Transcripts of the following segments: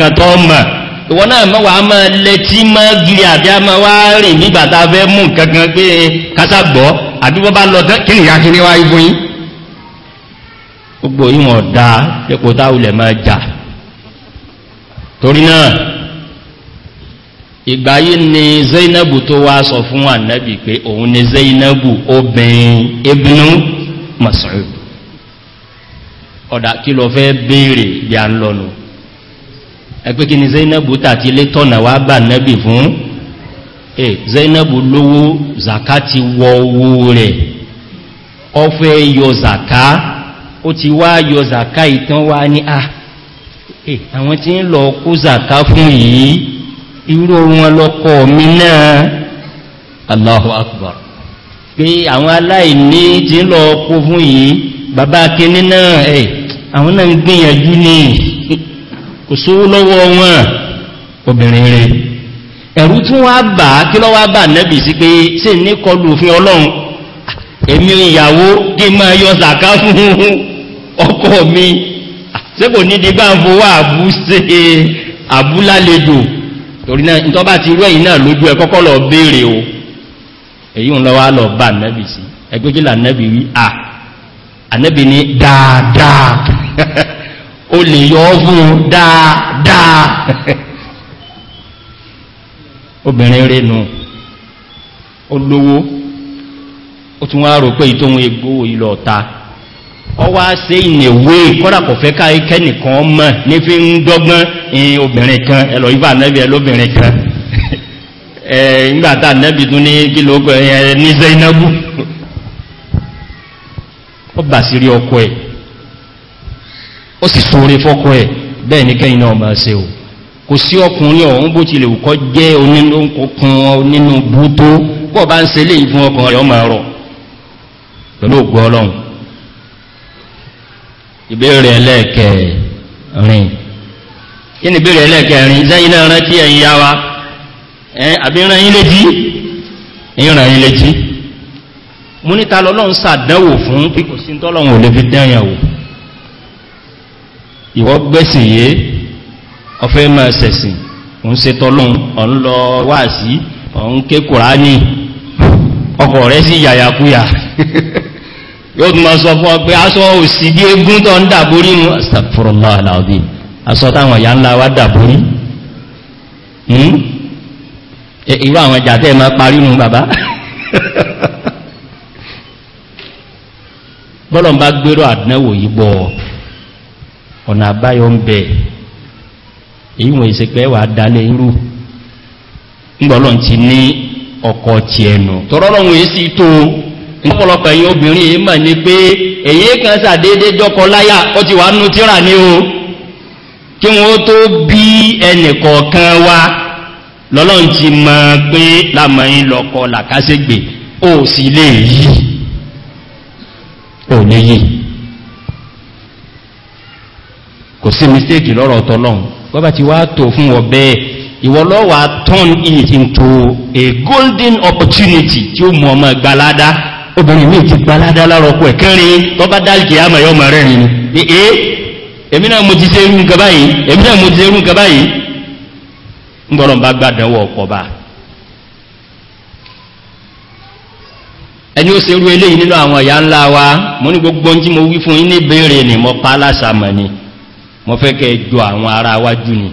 kàtọ́ ọmọ ìwọ̀n náà mọ́ wà máa lẹ́tí mọ́ gírí àbí a máa wá rìn nígbàtà fẹ́ mú kankan pé kásàgbọ́ àbí wọ́n bá lọ́tán kí nìyà kí ní wá ibú yí gbogbo ìwọ̀n dá epo táwulẹ̀ máa jà torí náà ìgbà yí ni zainabu tó wá sọ fún ànábì pé òun ni zainabu obìnrin ibnu mas'ud ọ̀dà kí lọ fẹ́ béèrè bí a ń lọ́nu ẹgbẹ́ kí ni zainabu tàti ilé tọ́nà wá bà nẹ́bì fún e zainabu lówó zaka ti wọ owó rẹ̀ ọfẹ́ yọ zaka ó ti wá yọ zaka ìtàn wá ní a ah, e àwọn tí ń lọ kó zaka fún yìí irú wọn lọ́kọ̀ mi náà allahu akbar pé àwọn aláìní tí ń lọ kó fún yìí bàbá kíní náà ẹ̀ àwọn náà ń gbìyànjú ni kò sówó lọ́wọ́ wọn obìnrin rẹ̀ ẹ̀rú tún wá bà á kí lọ́wọ́ bà nẹ́bì sí pé sí ní kọlù òfin ọlọ́run ah, èmi ìyàwó kí n máa yọ zàká fún ọkọ mi ah, ṣé kò ní di bá ń fowó àbú ṣe àbúlálejò torí náà nítorí ti rú ẹ̀yìn náà lójú ẹ kọ́kọ́ lọ béèrè o èyí ń lọ́wọ́ lọ bá nẹ́bì sí ẹgbẹ́gbẹ́ là nẹ́bì à ah, ànẹ́bì ní dáadáa o lè yọ ọ fún un dáadáa obìnrin rinu nù olówó ó tún wá rò pé ìtòhun egbò ìlọ ọ̀ta ọ wá ṣe ìnìwé kọ́dà kò fẹ́ ká kẹ́nìkan mọ̀ ní fi ń dọ́gbọ́n ìyìn obìnrin kan ẹ̀lọ́ ìfà nẹ́bí ẹ̀ lóbìnrin kan nẹ́bí tún ní ẹ̀ ní zainabu ó bà sí rí ó sì sóre fọ́kọ ẹ̀ bẹ́ẹ̀ ní kẹ́yìn náà máa ṣe o kò sí ọkùnrin ọ̀hún bó ti lè kọ́ jẹ́ onínúkùnkùn nínú bútó pọ̀ bá ń se lè fún ọkùnrin rẹ̀ ọmọ rọ̀ pẹ̀lú ògbọ́ ọlọ́run ìbéèrè ẹlẹ́ẹ̀kẹrin kí ni ìbéèrè ẹlẹ́ẹ̀kẹrin sẹ́yìn náà rántí ẹ̀yìn yá wa ìwọ́ gbẹ́sìn yé ọ̀fẹ́ máa sẹ̀sìn òun ṣe tọ́lọ́un ọ̀n lọ wáàsí ọ̀n ké kùránì ọkọ̀ rẹ̀ sí yàyàkúyà yóò tún máa sọ fún ọ pé aṣọ òsì bí egún tó ń dàbórí mú astagfirullah alazim aṣọ táwọn ìyá ńlá wá dàbórí hmm? e, ọ̀nà àbáyọ ń bẹ̀ èyíwọ̀n ìsẹ̀pẹ́ wà dálé irú ńgbọ́lọ́n ti ní ọkọ̀ ti ẹnu tọ́rọ́lọ́run èyí sí tó ọ̀pọ̀lọpọ̀ ẹ̀yìn obìnrin èyí mà ní pé èyí kan ti wà nú tíra ní o kí wọ́n tó bí wa lọ́lọ́run ti mọ̀ pé lámọ̀ yín làkásẹ́gbè ó sì lè yí kò sí mistake lọ́rọ̀ ọ̀tọ́lọ́n bọ́bá ti wá tó fún wọ bẹ́ẹ̀ ìwọlọ́wà turn it into a golden opportunity tí ó mú ọmọ gbalada obìnrin mi ti gbalada lárọ́kọ̀ ẹ̀kẹ́rin tó dálìkì àmà yọ rẹ̀ rìn ní wa ní gbogbo ohun tí mo wí ni mo pa mo fẹ́ kẹ́ jọ àwọn ará wájú ni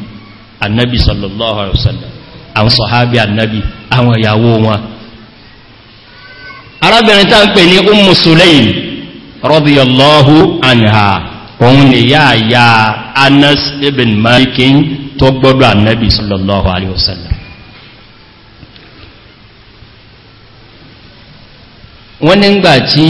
annabi sallallahu alaihi wasallam àwọn sọ̀hábí annabi àwọn ìyàwó wọn arábìnrin tá ń pè ní ummu sulaym radiyallahu anha òun ni yá ya anas ibn malikin tó gbọ́dọ̀ annabi sallallahu alaihi wasallam wọ́n nígbà tí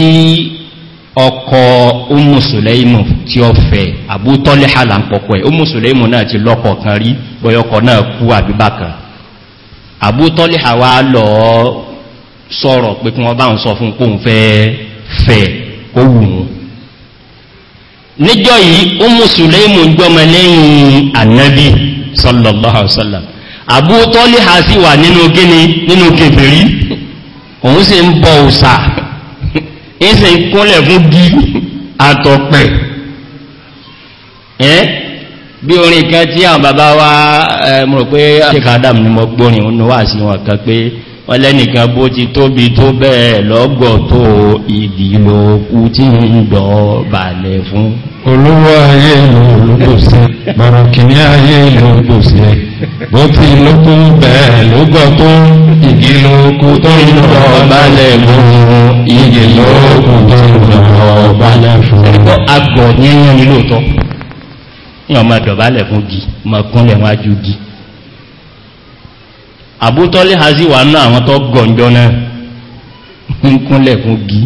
ọkọ̀ umusuleimu tí ó fẹ́ àbútọ́lẹ̀ hàlàpọ̀pọ̀ ẹ̀ umusuleimu náà ti lọ́kọ̀ kan rí bọ́yọkọ̀ náà kú àbíbákan àbútọ́lẹ̀ àwá lọ sọ́rọ̀ pé kí wọ́n bá ń sọ fún kóhun fẹ́ fẹ́ kó wù ú níjọ́ yìí umusuleimu gbọ́mọ lẹ́yìn sallallahu alaihi wasallam ẹsẹ̀ ìkúnlẹ̀ fún bí àtọ̀pẹ̀ ẹ́ bí orin kan tí àwọn bàbá wa mọ̀ pé ṣe kàádàm ni mọ̀ gbórin òun wà sí wọn kan pé wọ́n lẹ́nìkan bó ti tóbi tó bẹ́ẹ̀ lọ́gbọ̀ tó ìdìlò kú tí ń dọ̀ balẹ̀ fún olówó ayé ìlú olóògbòsí bàrọ̀kìní ayé ìlú olóògbòsí bó ti ló tó bẹ́ẹ̀ lọ́gbọ̀ tó ìdìlò kú tó ń dọ̀ balẹ̀ fún ìdìlò kú tó ń dọ̀ balẹ̀ fún ẹgbọ́ àbútọ́lé ha sí wà náà àwọn tó gọ̀njọ́ náà ń kúnlẹ̀ fún gí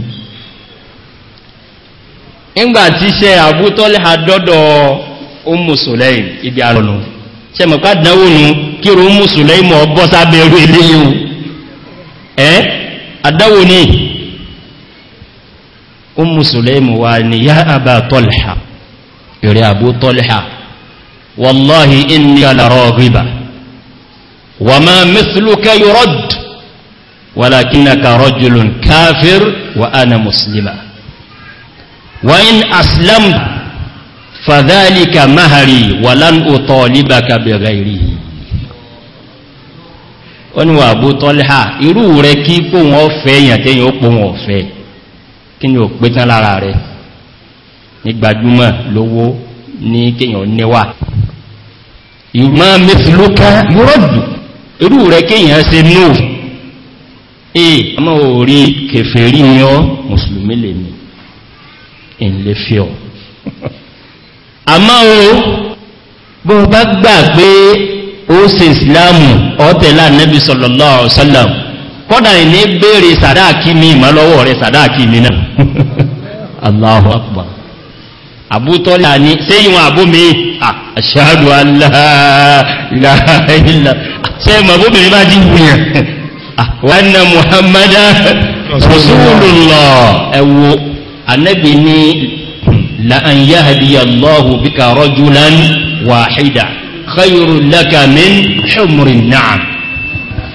ńgbàtí àbútọ́lé ha dọ́dọ̀ omusulẹ́yìn ibi àrọ̀nù ṣe mọ̀ká dánwò nù kíro omusulẹ́yìn mọ̀ bọ́ sábẹ́ orí ilé yìí inú وما مثلك يرد ولكنك رجل كافر وأنا مسلمة وإن أسلم فذلك مهري ولن أطالبك بغيره wọ́n ni wà bú tọ́lá irú rẹ kí pòhùn ọ̀fẹ́ èyàn tí yíò pòhùn ọ̀fẹ́ kí ni ò pé tán lára rẹ ní gbajúmọ̀ lówó ní kíyàn níwà ìmọ̀ mẹ́sìlókà yóò rọ̀dù irú rẹ̀ kéèyàn ṣe no ee ọmọ orí kèfèrí ni ọ́ mùsùlùmí lè ní ìlé fi ọ̀ àmọ́ o bó bá gbà pé ó ṣe ìsìláàmù ọ̀tẹ̀lá nẹ́bí sallallahu alaihi wasallam kọ́dà ìní béèrè sàdáàkí mi ìmọ́lọ́wọ́ rẹ̀ sàdáàkí mi náà Allahu akbar àbútọ́lá tẹ́mọ̀ bóbìnrin bá jí wùyàn wọ́nà muhammadu rasulullah ẹwọ anẹ́bì ní la'an yahadiya allahu bika rajulan wahida khayru laka min humrin na'am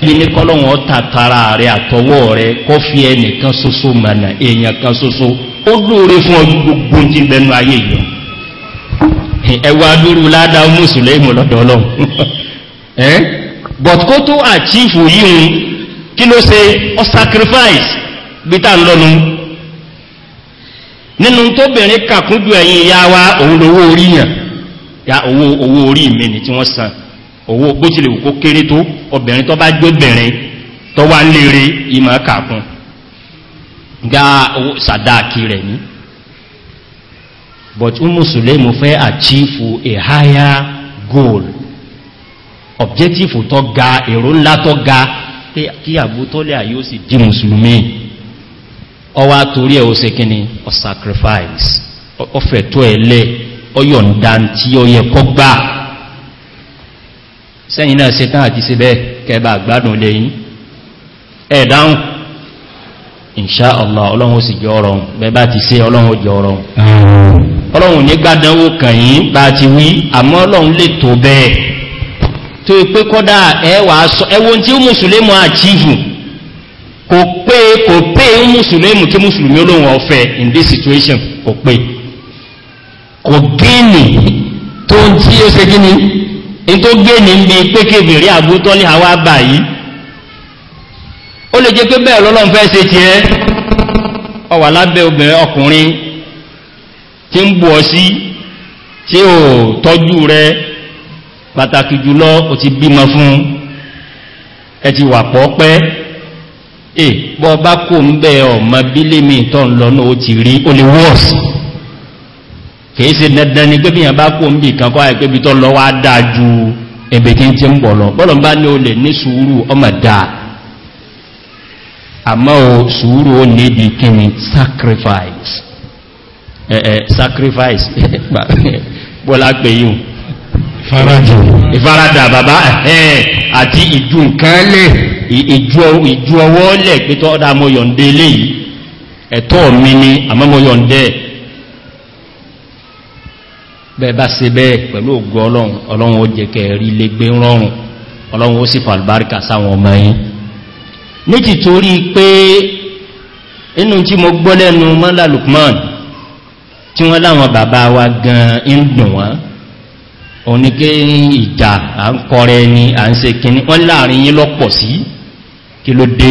bí ní kọ́lọ́wọ́ tàtàrà rẹ̀ àtọwọ́ rẹ̀ kọ́ fi ẹnìkan soso mọ̀nà èèyàn kan soso ó lóore fún ọ gbogbo ti bẹnu ayé yìí ẹwà lóru ládàá mùsùlùmí lọ́dọ̀ ọlọ́run but kó tó àchífù yíò kí ló ṣe ọ sacrifice gbítà ń lọ́nu nínú tó bẹ̀rẹ̀ kàkúndù ẹ̀yìn ìyá wa òun lówó orí yàn ya owó owó orí mi ni tí wọ́n san owó bó tilẹ̀ wù kó kéré tó obìnrin tó bá gbóbìnrin tó wá léèrè ìmọ̀ kàkún gá owó sàdáàkì rẹ̀ ní but umu sulemu fẹ́ achieve a higher goal ọ̀bjẹ́tífù tó ga èrò ńlá tó ga kí àbú tó lè àyíó sì di mùsùlùmí ọwá torí ẹ̀ ó se kí ni ọ sacrifice ọfẹ̀ tó ẹ̀lẹ́ ọyọ̀ǹda tí ó yẹ kọ́ gbà sẹ́yìn náà se tán àti síbẹ̀ kẹba àgbádùn lẹ́yìn ẹ̀ dáhùn ìṣá ọ̀lá ọlọ́run sì jọ ọ̀rọ̀ bẹ́bá ti sí ọlọ́run jọ ọ̀rọ̀ ọlọ́run tó pé kọ́dá ẹwà sọ ẹwọ́n tí mùsùlùmù àchífù kò pé kò pé mùsùlùmù tí mùsùlùmí olóhùn ọ̀fẹ́ in this situation kò pé kò gíní tó ń tí ó ṣe gíní in tó gíní ń bi pékèbèrè kébìrì ní àwa bà yìí ó lè jẹ́ pé bẹ́ẹ̀ lọ́lọ́n fẹ́ ṣe tiẹ́ ọwà lábẹ́ pàtàkì jùlọ o ti bímọ fún ẹ ti wà pọ̀ pẹ́ e bọ́ bá kò ń bẹ ọmọ bílẹ̀mì tọ́ ń lọ náà ó ti rí ó lè wọ́ọ̀sì kìí ṣe dandan ni pé bíyàn bá kò ń bì kan àìpé bí tọ́ lọ wá dáa ju ẹ̀bẹ̀ tí ń ti ń bọ̀ lọ bọ́lọ̀ bá ní o lè ní sùúrù ọmọ dáa àmọ́ o sùúrù ó ní di kíni sacrifice eh, sacrifice bọ́lá pé yìí ìfaradà bàbá ẹ̀hẹ́n àti ìjú nǹkan lè ìjú ọwọ́ lẹ̀ pé tọ́ dá mọ́ yọ̀ǹde léyìí ẹ̀tọ́ mi ni àmọ́ mọ́ yọ̀ǹde bẹ́ẹ̀ bá se bẹ́ẹ̀ pẹ̀lú ògùn ọlọ́run ọlọ́run ó jẹ kẹrí lè gbé rọrùn ọlọ́run ó sì fàlbáríkà sáwọn ọmọ yìí ní ti pé inú tí mo gbọ́ lẹ́nu mọ́lá lukman tí wọ́n láwọn bàbá wa gan-an ń dùn wọ́n oníké ìjà à ń kọrẹ ẹni à ń se kìíní wọ́n láàrin yí lọ́pọ̀ sí kí ló dé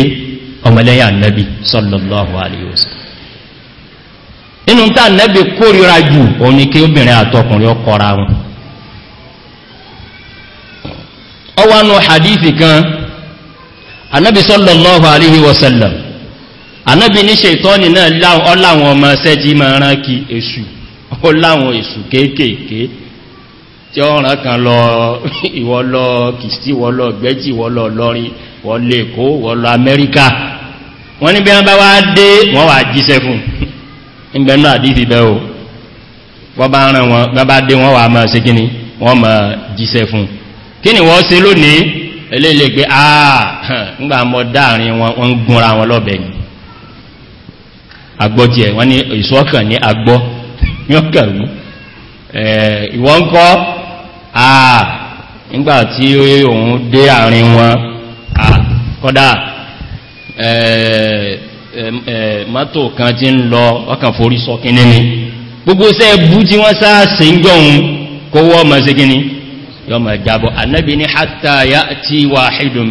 ọmọlẹ́yìn ànẹ́bì sọ́lọ́lọ́wọ́ àríwọ̀sán inú tá ànẹ́bì kórìíra jù oníké obìnrin àtọkùnrin ọkọra wọn ọwọ́nù hadithi kan ànẹ́bì sọ́lọ́lọ́wọ́ àríwọ̀sán ànábì ní ṣètọ́nì náà ọláwọn ọmọ ṣẹ́jí máa rán kí èṣù ọláwọn èṣù kéékèèké tí ó ràn kan lọ ìwọlọ kìstí wọlọ gbẹ́jì wọlọ lọrin wọlé wọlọ amẹ́ríkà wọ́n ni bí wọ́n bá wá dé wọ́n wà jíṣẹ́ fún ìgbẹ̀nú àdífì bẹ́ o wọ́n bá rán wọn bá bá dé wọ́n wà máa ṣe kíni wọ́n ma jíṣẹ́ fún wọ́n ṣe lónìí ẹ̀ àà nígbàtí òun dé àárín wọn kọ́dá mọ́tò kan ti ń lọ ọkàn forí sọ kíní gbogbo sẹ́ bú tí wọ́n sáà sí ń jọun kó wọ́ ọmọ sí kíní yọmọ ìjábọ̀ wa ní hátà tí wà hìdùn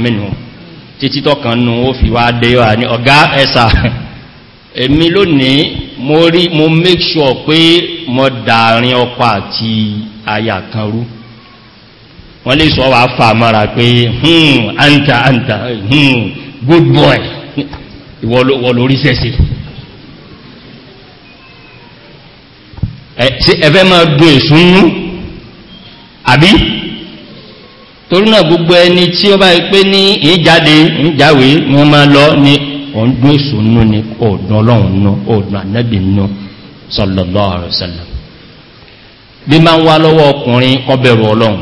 títí tọ́kàn nù ó fi wá dé ní ọ̀gá ẹ̀sà èmi lónìí mo mo make sure mo dàárín ọkọ̀ àti àyà wọ́n lè sọ wà fà mara pé Hmm, àǹtà àǹtà hùn good boy ìwọ̀ lórí sẹ́sẹ̀ sí ẹ̀fẹ́ máa dùn ìsúnnú àbí torí náà gbogbo ẹni tí ó bá pé ní ìjáde ìjáwé wọ́n máa lọ ní ọdún ìsúnnú ni ọ̀dún ọlọ́run nú ọ̀dún ànábì nú sọ̀lọ̀lọ́ àrùsọ̀lọ̀ bí máa ń wá lọ́wọ́ ọkùnrin kọbẹ̀rù ọlọ́run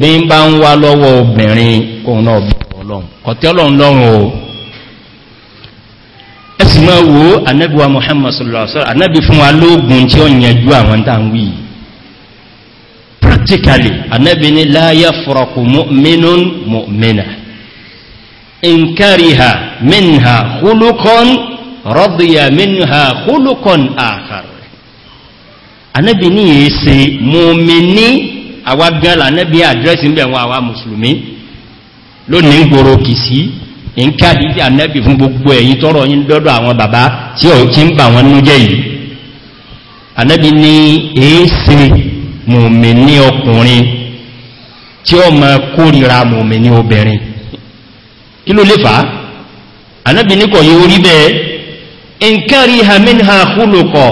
bí ń bá ń wá lọ́wọ́ obìnrin kóhun náà bọ̀rọ̀ ọlọ́run kọ̀tẹ́ ọlọ́run lọ́run o ẹsì máa wo anábì wa muhammad sallallahu alaihi anábì fún wa lóògùn tí ó yẹjú àwọn tá ń wí practically anábì ní láyé fọ́rọ̀kù mọ́mínún mọ́mínà inkariha minha hulukon rọ́dìyà minha hulukon àkàrẹ̀ anábì ní yìí se mọ́míní àwa gan lànẹ́bí àdírẹ́sì ń bẹ̀ wọn àwa mùsùlùmí lónìí ń gbòrò kì sí ń káàdì sí ànẹ́bí fún gbogbo ẹ̀yìn tọ́rọ yín dọ́dọ̀ àwọn bàbá tí ò tí ń bà wọn nú jẹ́ yìí ànẹ́bí ní èése mùmí ní ọkùnrin tí ó mọ kórìíra mùmí ní obìnrin kí ló lè fà á ànẹ́bí ní kò yí orí bẹ́ẹ̀ nǹkan rí hamin ha kúlò kọ̀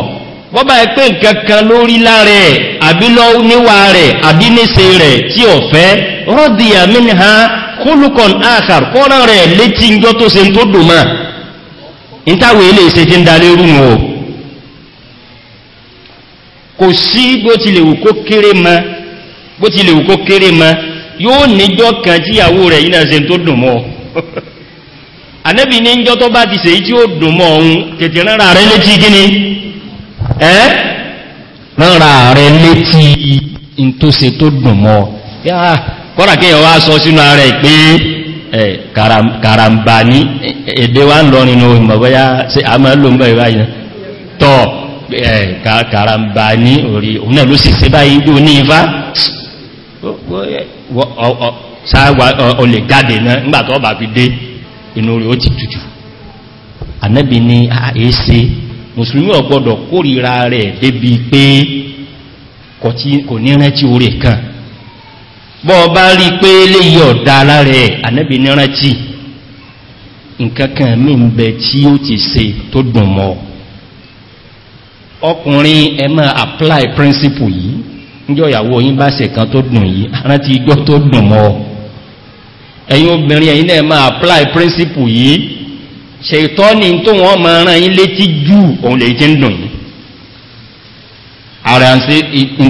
wọ́n bá ẹ pé nǹkan kan lórí lára ẹ̀ àbí lọ níwà rẹ̀ àbí rẹ̀ tí ò fẹ́ rọ́dì ha kólùkọ̀n àkàr kọ́rọ̀ rẹ̀ létí ń jọ tó se tó dùnmà ìtàwé ilé ìṣe ti ń dalé rú wọn kò sí bó ti lè wù kó kéré ma yóò níjọ́ kan tíyàwó rẹ̀ yìí se tó ní ń jọ tó bá ti tí ó tètè rárá rẹ̀ létí ẹ́ mọ́ra rẹ létí in tó se tó dùn mọ́ yáà kọ́nà kí ẹwà sọ sínú ààrẹ pé ẹ̀ kàràmbà ní èdè wá ń lọrin ní ìmọ̀bọ́yá sí àmà lóǹgbà ìwáyìí tọ́ ẹ̀ kàràmbà ní orí òun náà ló sì sí báyìí ọ ní ifá sáwà olè gáde náà nígbàtọ́ bà fi dé inú rẹ̀ ó ti tutù ànẹ́bì ni àẹ́sẹ́ ah, mùsùlùmí ọ̀gbọ́dọ̀ kórìíra rẹ̀ débi pé kò ní rántí orí kan bọ́ bá rí pé léyìí ọ̀dá alára ànẹ́bì ní rántí nkankan mí ń bẹ tí ó ti se tó dùn mọ́ ọkùnrin ẹ máa bá se kan tó dùn yìí rántí tó dùn mọ́ obìnrin apply principle yìí ṣètọ́ ni tó wọ́n mọ̀ ràn yí létí jù òun lè jí ń dùn yí ara ṣe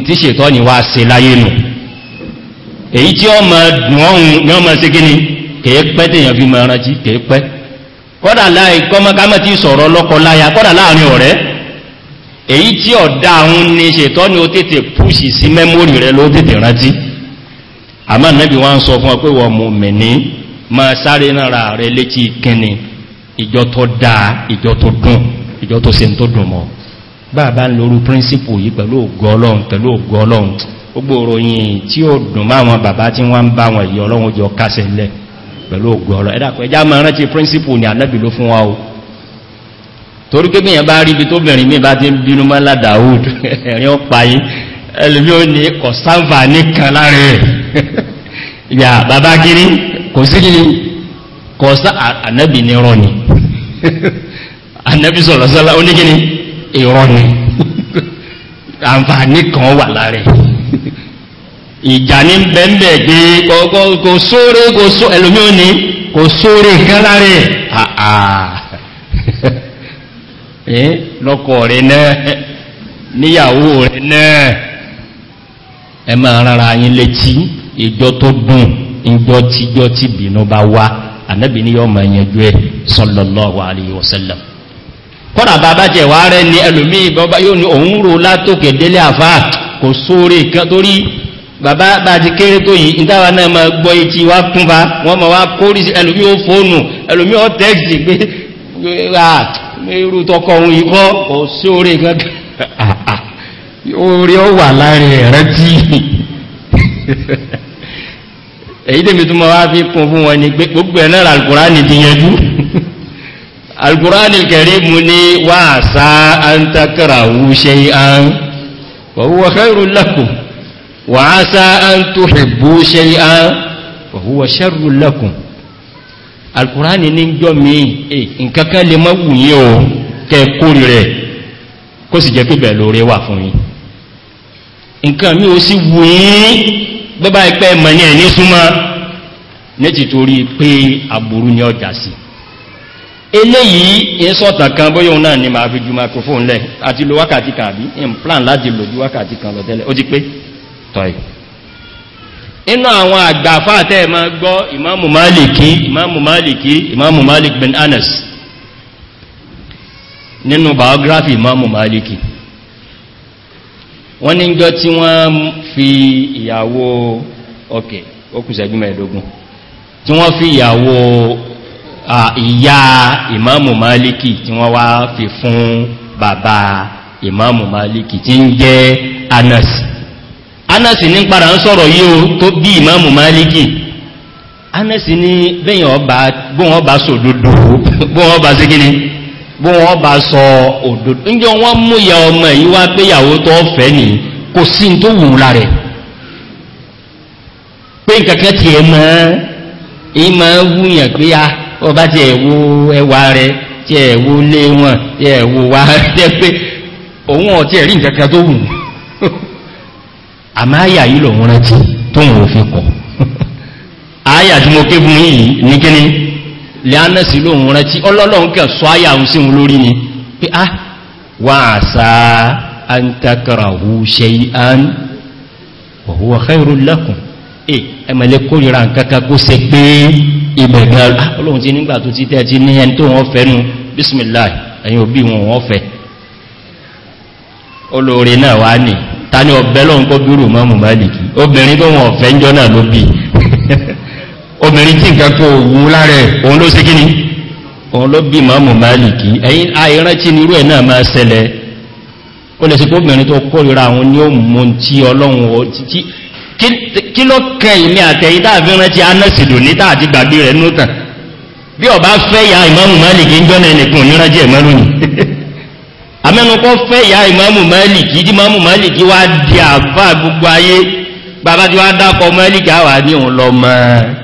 tí ṣètọ́ ni wá se láyé nù èyí tí ó mọ̀ dùn ọ̀hún ní ọmọ sí kí ni kèé pẹ́ tèèyàn fi mọ̀ rántí kèé pẹ́ kọ́dà láì kọ́mọ́kámọ́ ti sọ̀rọ̀ lọ́kọ láya kọ́dà láàrin ọ̀rẹ́ èyí tí ọ̀dá ahun ni ṣètọ́ ni ó tètè pùsì sí mẹ́mórì rẹ ló tètè rántí àmọ́ nẹ́bí wọ́n sọ fún ọ pé wọ́n mú mẹ́ni máa sáré náà rẹ̀ létí kínni ìjọ tó dáa ìjọ tó dùn ìjọ tó se tó dùn mọ́ bàbá ń lórú príncipù yìí pẹ̀lú ògọ́ ọlọ́run pẹ̀lú ògọ́ ọlọ́run gbogbo òròyìn tí ó dùn máa wọn bàbá tí wọ́n ń bá wọn ìyọ ọlọ́run jọ kásẹ̀ lẹ̀ pẹ̀lú ògọ́ ọlọ́run ẹ̀dàpọ̀ ẹjá máa rántí príncipù ní ànábì ló fún wa o torí pé bíyàn bá rí ibi tó bẹ̀rẹ̀ mí bá ti ń bínú mọ́lá dawood ẹ̀rin ó payín ẹlùmí ó ní kọ̀sánfà ní kan láàrin rẹ̀ ìyà bàbá kiri kò sí kiri kọsá ànábì ní rọ ni ànábì sọ̀rọ̀ sọ́lá ó ní kí ni ìrọ ni àǹfààní kan wà lára ìjà ní bẹ́ẹ̀bẹ́ gbé kò sóre kò só ẹlòmí ò ní kò sóre kan lára àà ẹ́ lọ́kọ̀ rẹ̀ náà níyàwó rẹ̀ náà ẹ máa rárá yín létí ìjọ tó dùn ìjọ tíjọ tí bínú bá wá ànábì ní yọ́ máa yanjú ẹ̀ sallallahu alayhi wa sallam kọ́dà bàbá jẹ́ wà rẹ̀ ní ẹlòmí bàbá yóò ní òun rò látòkè délé àfá kò sóre kan torí bàbá bá ti kéré tó yìí ìtawà náà ma gbọ́ etí wá kún bá wọ́n ma wá kórí ẹlòmí ó fóònù ẹlòmí ó tẹ́ẹ̀sì pé ah, ah, irú tọkọ ohun ikọ́ kò sóre kan orí wà láàrin èyí tèmi tó ma wá fi kún fún wọn ni pé gbogbo ẹ̀ náà alkùránì ti yanjú alkùránì kẹrí mu ní wà sá antakara wúṣe an wàhúwà kẹrù lẹ́kùn wà sá antuhibu ṣe an wàhúwà ṣẹ́rù lẹ́kùn alkùránì ní jọ mi nkankan lè má wù yí o kẹ kórì rẹ̀ kó sì jẹ́ pé bẹ̀ lóore wà fún yín nǹkan mi ò sì wù yín bọ́bá ìpẹ́ mọ̀ ní ẹ̀ní súnmọ́ ní ti torí pé àbúrú ní ọjà sí kan bóyá náà ni màá fi ju microphone lẹ̀ àti lo wákàtí kan in plan láti lò ju wákàtí kan lọ tẹ́lẹ̀ ó ti pé tọ́ì inú àwọn àgbàfà tẹ́ ma gbọ́ ìmáàmù máàlìkí ìmáàmù máàlìkí ìmáàmù nínú biography ìmáàmù máàlìkí wọ́n ní jọ tí wọ́n fi ìyàwó ọkẹ̀ okùsẹ̀jú mẹ́ẹ̀dógún tí wọ́n fi ìyàwó ìyá ìmáàmù máàlìkì tí wọ́n wá fi fún bàbá ìmáàmù máàlìkì tí ń jẹ́ anas anas ní padà ń sọ̀rọ̀ yí o tó bí ìmáàmù máàlìkì anas ní bẹ́yìn ọba bóhun ọba sòdodo bóhun ọba sí kíni bó wọ́n bá sọ òdòdó níjọ wọ́n mú ya ọmọ yìí wá péyàwó tó fẹ́ ní kò sí tó wù la rẹ̀ pé kẹ̀kẹ́ ti ẹ̀ mọ́ ẹ̀ mọ́ wúyàn pé a ah, ọba ti ẹ̀ wo ẹwà rẹ̀ tí ẹ̀ wo lé wọn tí ẹ̀ wo wá jẹ́ pé òun ọ̀tí ẹ̀rí nǹkankan tó wù àmá àyà yìí lòun rántí tóun ò fi kọ̀ àyà tí mo ké yìí ní kíní lẹ́ánẹ́sì lóhun rántí ọlọ́lọ́hun kẹ́ sọ ayà òun sí òun lórí ni pé á wà àṣà antakarahu ṣe an ọ̀húwà kẹrù lẹ́kùn e ẹmẹ̀lẹ́ kórìíra nkankan kó se pé ìbẹ̀gẹ̀ ah, ọlọ́hun ti nígbà tó ti tẹ́ẹ̀tí ní ẹni tó wọ́n fẹ́ ni ọ̀bẹ́ lọ́hun kó obìnrin tí nǹkan kó wú lára òun ló sí kí ni òun ló bí mọ́mù máàlìkì ẹ̀yìn àìrántí ní irú ẹ̀ náà máa ṣẹlẹ̀ ó lè sí pé obìnrin tó kórìíra àwọn ní ó mú tí ọlọ́run kí ló kẹ ìmí àtẹ̀yìn tàbí rántí anásìdò ní tàbí gbàgbé rẹ̀ nú tàn bí ọba fẹ́ ya ìmọ́mù máàlìkì ń jọ́nà ẹnìkan nírájì ẹ̀mọ́ lónìí amẹ́nukọ́ fẹ́ ya ìmọ́mù máàlìkì tí mọ́mù máàlìkì wá di àbá gbogbo ayé bàbá tí wá dákọ̀ máàlìkì àwà ní òun lọ máa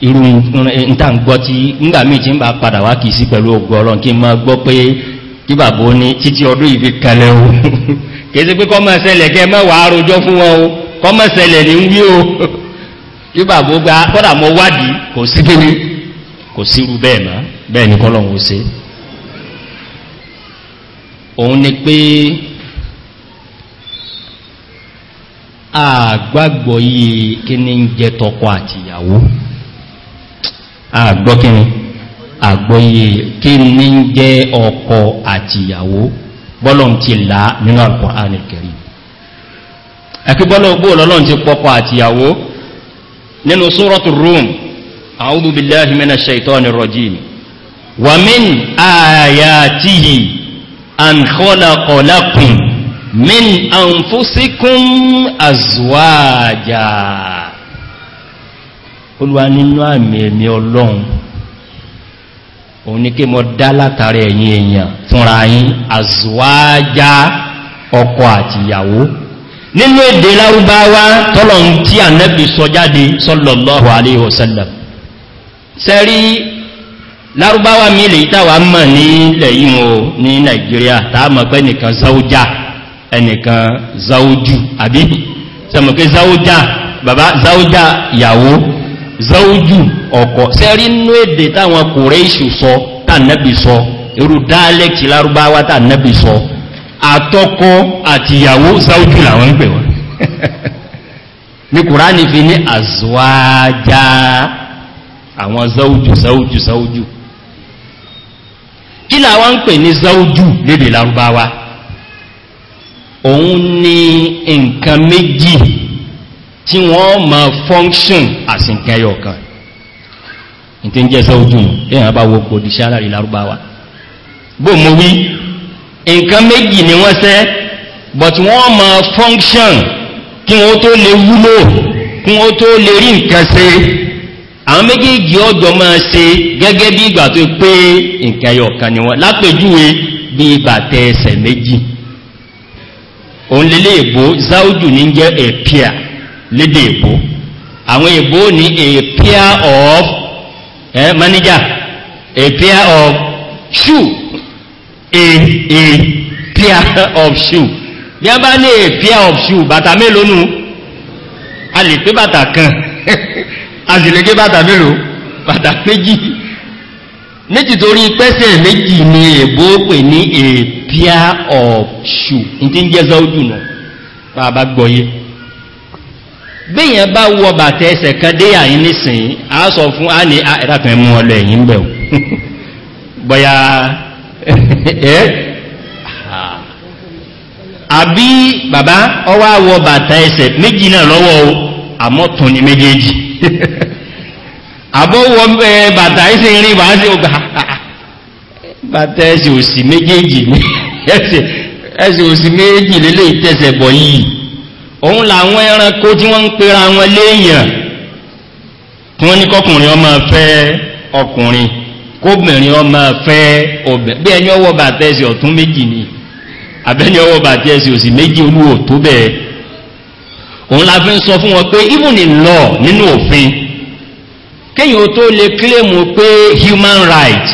irú eh, nta tí ńgbàmí tí ń bá padà wá kìí sí ma gbọ́ pé kí bàbá ní títí ọdún ìfi kalẹ̀ o kèsí pé kọ́ mẹ́wàá o kọ́ máa ṣẹlẹ̀ o kí bàbá gba kọ́dà mọ́ wádìí kò sí kíní ni ni àgbọ́kíni àgbọ́yé kí ní jẹ́ ọkọ àtìyàwó bọ́lọ̀n ti là nínú Al-Qur'an Al-Karim àti bọ́lọ̀gbò lọ́lọ́n ti pọ́kọ àtìyàwó nínú Suratul Rum a'udhu billahi minash shaitani rajim wa min ayatihi an khalaqa lakum min anfusikum azwaja olúwa nínú àmì ẹ̀mí ọlọ́run òun ní kí mọ dá látàrí ẹ̀yìn èèyàn fúnra yín àzúwájá ọkọ àtìyàwó nínú èdè lárúbáwá tọ́lọ̀ ń tí ànẹ́bì sọ jáde sọ́lọ̀lọ́wọ́ aléhòsẹ́lẹ̀ sẹ́rí lárúbáwá mi lè tàwà mọ̀ ní ilẹ̀ yíò ní nàìjíríà tààmọ̀ pé nìkan záújá ẹnìkan záújú àbí sẹ́mọ̀ pé bàbá záújá ìyàwó zaújù ọ̀kọ̀ sẹ́rí inú èdè táwọn kòrèṣù sọ tànẹ́bì sọ irú dáálẹ́kì lárúbáwá tànẹ́bì sọ àtọ́kọ́ àtìyàwó zaújù làwọn ń pè wọ́n ní kùránì fi ní àzọ́ájá àwọn zaújù zaújù zaújù kí làwọn ń pè ní zaújù lédè lárúbáwá òun ni nǹkan méjì tí wọ́n ma function àsìnkẹyọ kan ní tí ń jẹ́ sọ́ọ̀dún èyàn bá wo kò díṣẹ́ lárúbáwá bó mú wí nǹkan méjì ni wọ́n sẹ́ but wọ́n ma function kí wọ́n tó lè wúlò kí wọ́n tó lè rí nǹkan ṣe àwọn méjèèjì ọjọ́ máa ṣe gẹ́gẹ́ bí ìgbà tó pé nǹkan kan ni wọ́n lápèjúwe bí ìgbà tẹ ẹsẹ̀ méjì òun lélẹ́ẹ̀bó záúdù ní jẹ́ ẹ̀pìà lédè èbó àwọn èbó ní a pair of eh, manager a pair of shoe a a pair of shoe bí a bá ní a pair of shoe bàtà mélòó nù a lè pé bàtà kan a sì lè gé bàtà mélòó bàtà méjì méjì torí pẹ́sẹ̀ méjì ni èbó pè ní a pair of shoe ní tí ń jẹ́ zọ́ọ́dù náà bá gbọ́yé bíyàn bá wọ bàtẹ ẹsẹ̀ kan dé àyín nísìn a sọ fún a ní ẹ̀dàkùn ẹmú ọlọ ẹ̀yìn bẹ̀ bọ̀yà ẹ́ àbí bàbá ọwá wọ bàtẹ ẹsẹ̀ méjì náà lọ́wọ́ àmọ́tún ni méjèèjì ẹsẹ̀ rí sí ọgbà ẹsẹ̀ òsì méjèèjì ẹsẹ̀ òsì bọ̀ yìí òun làwọn ẹranko tí wọ́n ń pera wọn léèyàn tí wọ́n ní kọkùnrin ọmọ fẹ́ ọkùnrin kóbìnrin ọmọ fẹ́ obìnrin bí ẹni ọwọ́ bàtà ẹsẹ̀ ọ̀tún méjì ni àbẹ́ni ọwọ́ bàtà ẹsẹ̀ òsì méjì olúwo tó bẹ́ẹ̀ òun la fi ń sọ fún wọn pé even in law nínú òfin kéyìn ó tó lè claim pé human right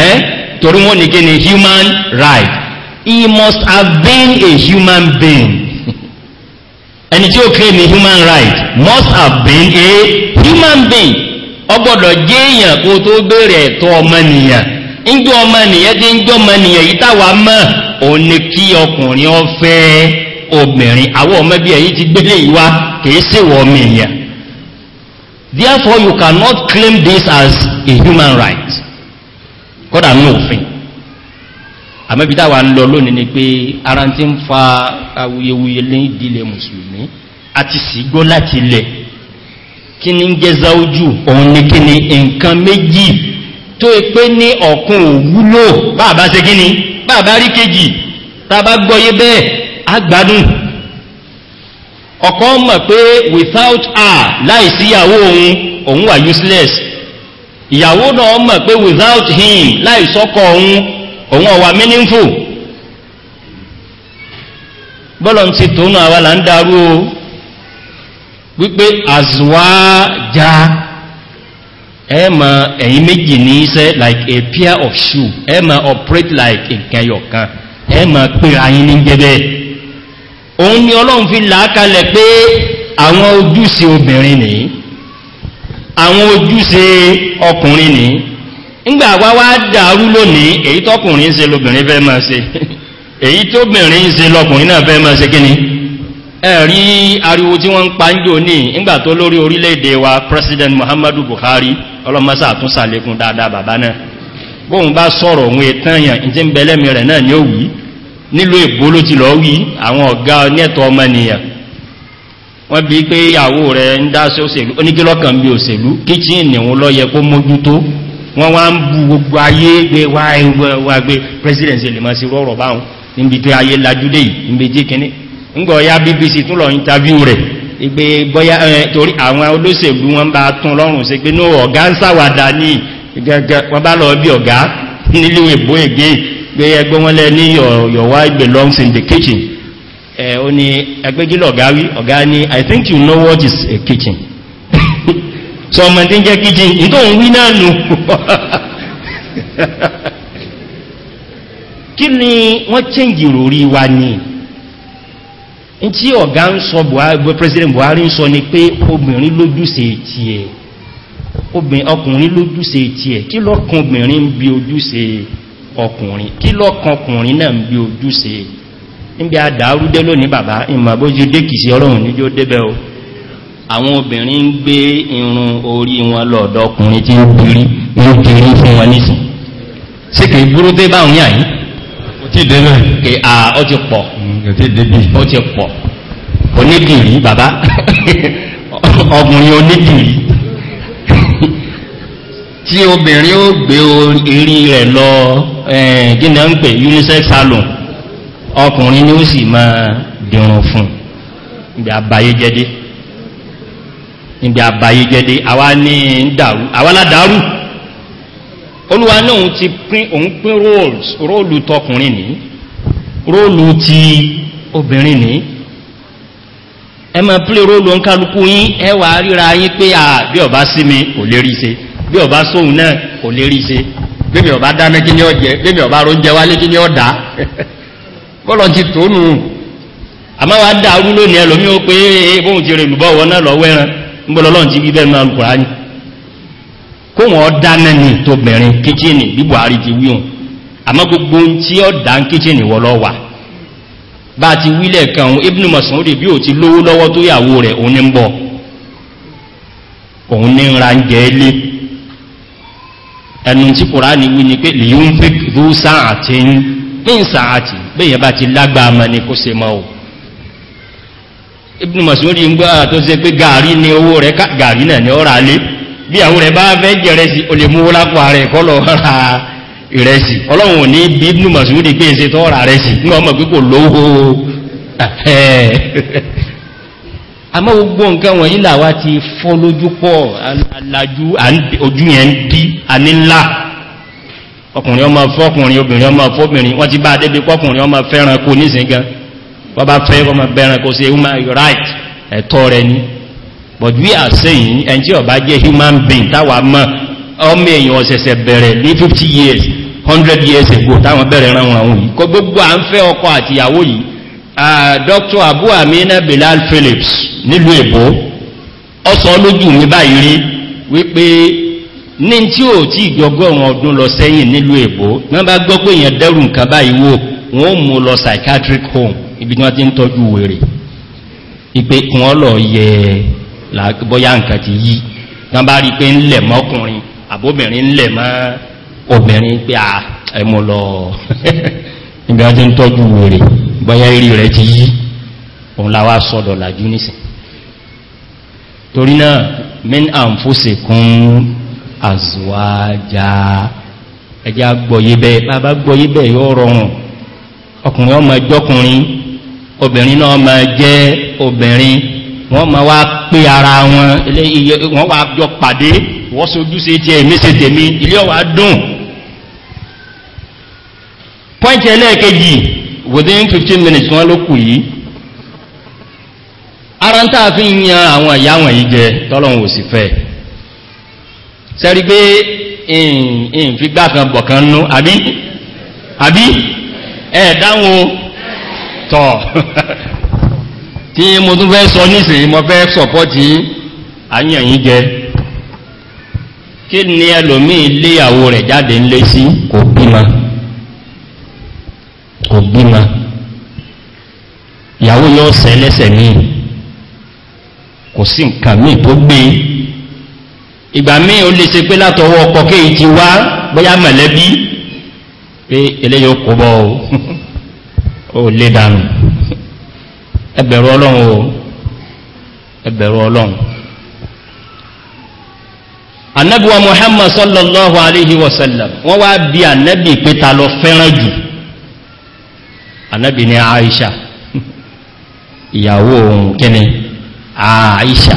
eh? torí wọ́n ní kí ni human right he must have been a human being ẹni tí ó kéré ní human rights must have been a human being ọgbọ́dọ̀ jẹ́ èèyàn kó tó bèèrè ẹ̀tọ́ ọmọnìyàn ńjọ ọmọnìyàn tí ń jọ ọmọnìyàn yìí táwa mọ̀ òun ni kí ọkùnrin ọfẹ́ obìnrin àwọn ọmọ bí ẹ̀yìn ti gbélé ìwá kìí ṣèwọ ọmọ èèyàn therefore you cannot claim this as a human right kódà ní òfin àmẹ́bídá wa ń lọ lónìí ni pé ara ti ń fa awuyewuye lé ìdílé mùsùlùmí àti sígbó láti lẹ̀ kí ní ń jẹ́ záójú òun ni kí ni nǹkan méjì tó pé ní ọ̀kun òwúlò bàbá ṣe kí ni bàbá rí kejì tàbá gbọ́yé bẹ́ẹ̀ agbádùn ọ̀kan mọ̀ pé without her láìsíyàwó òun òun wà useless ìyàwó náà mọ̀ pé without him láìsọ́kọ̀ òun òun ọ̀wà mínífù bọ́lọ̀ ń ti tónú àwa là ń darú o wípé àzùwájá ẹ mọ ẹ̀yìn méjì ní iṣẹ́ like a pair of shoe ẹ mọ operate like nǹkan yọ̀kan ẹ mọ pèrè ayín ní jẹ́bẹ́ òun ni ọlọ́run fi làákalẹ̀ pé àwọn ojúṣe obìnrin nìyí àwọn ojúṣe ọkùnrin nìyí ńgbà wá wá dàrú lónìí èyí tọkùnrin ń se lóbìnrin fẹ́ máa se èyí tóbìnrin ń se lọkùnrin náà fẹ́ máa se pa ń jò ní tó lórí wa president muhammadu buhari ọlọ́mọsá tún sàlékún dáadáa bàbá náà bóun bá sọ̀rọ̀ òun ètànyàn ní ti ń bẹ̀lẹ́mì rẹ̀ náà ni ó wí nílò èbó ló ti lọ wí àwọn ọ̀gá nẹ́tọ̀ ọmọnìyàn wọ́n bí pé ìyàwó rẹ̀ ń dá sí òṣèlú oníkílọ́kàn bí òṣèlú wọ́n wá ń bú gbogbo ayé gbé wá gbé president lè máa sí rọ̀rọ̀ báhùn níbi tó ayé lajúdé yìí níbi tí kìíní ńgọ̀ ya bbc tún lọ interview rẹ̀ ìgbé bọ́yá torí àwọn olóṣèlú wọn bá tún lọ́rùn sí pé ní ọ̀gá ń sàwàdà ní gẹ́gẹ́ wọ́n bá lọ bí ọ̀gá nílé ìbò ègé i think you know what is a kitchen sọ ọmọ tí ń jẹ́ kíjì nítòun wí náà nù kí ni wọ́n chẹ́ǹgì ròrí wa ni n tí ọ̀gá ń sọ president buhari ń sọ ni pé obìnrin lójúṣe tiẹ̀ ọkùnrin lójúṣe tiẹ̀ kí lọ́kàn obìnrin ń bi ojúṣe ọkùnrin kí lọ́kàn ọkùnrin náà ń bi ojúṣe níbi àdárúdé lónìí bàbá ìmọ̀ bójú dékìsí ọlọ́run níjó débẹ̀ o àwọn obìnrin ń gbé irun orí wọn lọ́dọ̀ ọkùnrin tí ó kiri ó kiri fún wọn nísìn sí kìí burú dé báwọn ní àyí ó ti dé náà kì à ó ti pọ̀ mm, ó ti pọ̀ onídìrí bàbá ọkùnrin onídìrí tí obìnrin ó gbé eré rẹ̀ lọ gínà ń pè unisex salon ọkùnrin ni ó sì máa dìrùn fún ìgbà àbáyé jẹ́dé níbi àbáyé jẹ́dé àwa ní dàrú àwa ládàárù olúwa náà òun ti pín òun pín roles róòlù tọkùnrin ní róòlù ti obìnrin ní ẹ máa pílé róòlù ọ̀nkálukú yín ẹ wà á ríra yín pé à bí ọba sí mi kò lè rí ṣe bí ọba sóhun náà kò lè rí ṣe bébì ọba dáná kí ni ọ jẹ bébì ọba róúnjẹ wálé kí ni ọ dá bọ́lọ̀ ti tó nù àmọ́ wa dàrú lónìí ẹlòmíì ó pé bóun ti rè lùbọ̀ wọ náà lọ́wọ́ ẹran ńgbọ́lọ́lọ́n ti wíbẹ̀ náà lùkùrá ní kó wọ́n dáná ní tóbìnrin kíchìnì bí buhari ti wíhùn àmọ́ gbogbo tí ó dá ń kíchìnì wọ́ lọ wà bá ti wílẹ̀ kan òun ibn masoud bí ò ti lówó lọ́wọ́ tó yàwó rẹ̀ òun ń bọ̀ òun ní ra ń jẹ́ lé ẹnu tí kùrá ní wí ni pé lèyí ń fẹ́ rú sáà tí ń sáà tí bẹ́yẹn bá ti lágbàá mọ́ ni kó se mọ́ o ibùn masúrí ń gbá tó ṣe pé gàrí ní owó rẹ̀ gàrí náà ni ó rà lé bí àwọn rẹ̀ bá fẹ́ jẹ rẹ̀sì o lè mú lápò ààrẹ kọ́lọ̀ ra ìrẹsì ọlọ́run ní bí ibùn masúrí pé ṣe tọ́ ra rẹ̀sì ní ọmọ pé kò lówó àmọ́ gbogbo nǹkan wọ̀nyí làwá ti fọ́ lójú pọ̀ alájú ojú yẹn dí anílá ọkùnrin ọmọ fọ́kùnrin obìnrin ọmọ fọ́bìnrin wọ́n ti bá débi pọ́kùnrin ọmọ fẹ́ran kò nísìnyí gan wọ́n bá fẹ́ kọmọ bẹ̀rẹ̀ kò sí human right ẹ̀tọ́ rẹ̀ ní but we are saying ẹn tí ọba jẹ́ human being táwà mọ́ ọmọ èèyàn ọ̀sẹ̀sẹ̀ bẹ̀rẹ̀ ní 50 years 100 years ago táwọn bẹ̀rẹ̀ ràn wọn yìí kọ gbogbo à ń fẹ́ ọkọ àtìyàwó yìí dr abu amina bilal phillips nílùú èbó ọ sọ lójú mi báyìí rí wípé ní tí ò tí ìjọgọ́rùn ọdún lọ sẹ́yìn nílùú èbó wọ́n bá gbọ́ pé èèyàn dẹ́rù nǹkan báyìí wò wọ́n mú lọ psychiatric home ibi tí wọ́n ti ń tọ́jú wèrè ipé kún ọlọ̀ yẹ bọ́yá nǹkan ti yí tán bá rí pé ń lẹ̀ mọ́kùnrin àbóbìnrin ń lẹ̀ mọ́ obìnrin pé à ẹmọ lọ ibi wọ́n ti ń tọ́jú wèrè bọ́yá eré rẹ̀ ti yí òun la wá sọ́dọ̀ làjú nísìn torí náà min àǹfóṣe kún àzùwájá ẹjá gbọ́yé bẹ́ẹ̀ bá bá gbọ́yé bẹ́ẹ̀ yóò ọkùnrin ọmọ ẹjọ́kùnrin obìnrin náà ma jẹ́ obìnrin wọ́n ma wá pé ara wọn ilé iye wọ́n wá jọ pàdé wọ́n sojú sí ti ẹ̀mí sí tèmi ilé ọwà dùn pọ́ǹtì ẹlẹ́ẹ̀kejì within 15 minutes wọ́n ló kù yìí ara ń tàà fi yan àwọn ìyá wọn yìí jẹ tọ́lọ̀wọ̀n ò sì fẹ́ sẹ́rí pé ìfìgbà kan bọ̀kan nú àbí ẹ̀ẹ̀dáwọn tọ́ tí mo tún fẹ́ sọ nísìnyí mo fẹ́ sọ̀pọ́tì àyànyìn jẹ kí ni ẹlòmíì léyàwó rẹ̀ jáde ńlé sí kò bímọ kò bímọ ìyàwó yóò sẹ lẹ́sẹ̀ míì kò sí nǹkan míì tó gbé ìgbà míì ó lè ṣe pé látọwọ́ ọkọ̀ kéyìí ti wá bóyá mọ̀lẹ́bí pé eléyìí ó kó bọ́ ọ ó lé dànù ẹbẹ̀rù ọlọ́run o ẹbẹ̀rù ọlọ́run wa muhammad sallallahu alaihi wasallam wọ́n wá bí annabi pé ta lọ fẹ́ràn jù annabi ni aisha ìyàwó ohun kíni aisha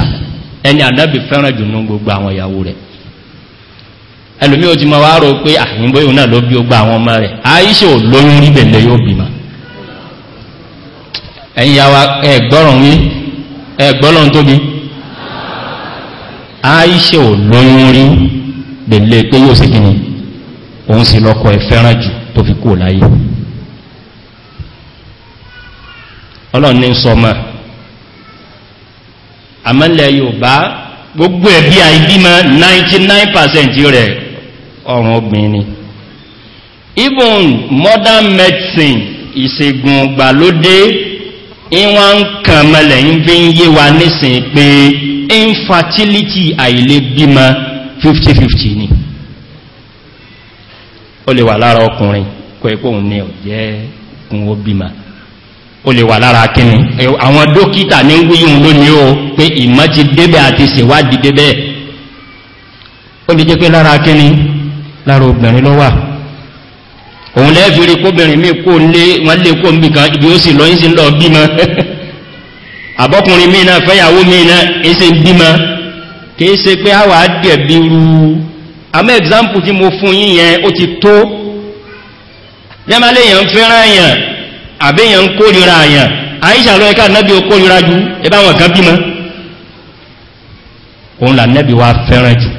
ẹni annabi fẹ́ràn jù ní gbogbo àwọn ìyàwó rẹ̀ ẹlòmí o ti ma wá rọ pé àyínbóyìn ah, náà ló bí ó gba àwọn ọmọ rẹ̀ aisha ò lóyún rí bẹ̀lẹ̀ yóò bímọ ẹ̀yìn yàwà ẹ̀gbọ́rọ̀ wí ẹ̀gbọ́lọ̀ tóbi aisha ò lóyún rí lèlé pé yóò sí gini òun sì lọ́kọ̀ ẹ̀ fẹ́ràn jù tó fi kó láyé ọlọ́ni sọmọ àmọ́lẹ̀ yorùbá gbogbo ẹ̀bí àìbímọ 99% rẹ̀ ọ̀rùn obìnrin even modern medicine ìṣègùn gbàlódé ìwọ̀n ń kàn mẹ́lẹ̀ ń fi ń yé wa nísìn pé infertility àìlè bímọ 50-50 ni ó lè wà lára ọkùnrin kọ ipò òun ní ọ̀jẹ́ kún ó bímọ ó lè wà lára kíni àwọn dókítà ní wíyùn lónìí o pé ìmọ́ ti débẹ̀ àti ṣèwádìí débẹ̀ ó lè jẹ́ pé lára kíni lára obìnrin lọ́wà òun lẹ́ẹ̀fì rí kóbìnrin mi kó lé wọ́n lè kó nbì kan ibi ó sì lọ́yìn sí lọ bímọ àbọ́kùnrin mi náà fẹ́yàwó mi náà ń ṣe bímọ kìí ṣe pé àwà dẹ̀bi ru àmọ́ example tí mo fún yín yẹn ó ti tó yẹ́mọ́lé yẹn ń fẹ́ràn yẹn àbí yẹn ń kórira yẹn àyíṣà lọ́yẹ ká nẹ́bí ó kórira ju ẹbá wọn kan bímọ òun là nẹ́bí wa fẹ́ràn jù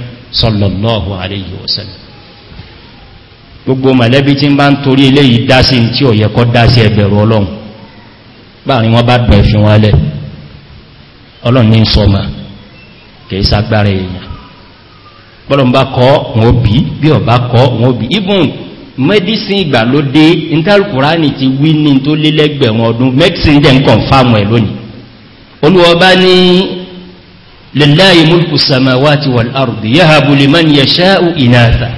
sọlọ́lọ́hu aleyhi wa sallam gbogbo mọ̀lẹ́bí tí ń bá ń torí ilé yìí dá sí tí ò yẹ kọ́ dá sí ẹgbẹ̀rù ọlọ́run báàrin wọ́n bá dùn ẹ̀fin wọn lẹ̀ ọlọ́run ní sọmọ kìí sagbára èèyàn bọ́lọ̀n bá kọ́ wọn bí bí ọba kọ́ wọn bí even medicine ìgbàlódé interkurani ti wí ní tó lélẹ́gbẹ̀rún ọdún medicine jẹ́ ń kọ̀nfàmù ẹ̀ lónìí olùwọ́ba ní lèláyé múlùkù sàmáwá ti wà lárùbí yáhàbù lè mọ́ ni yẹ̀ṣẹ́ ìnáta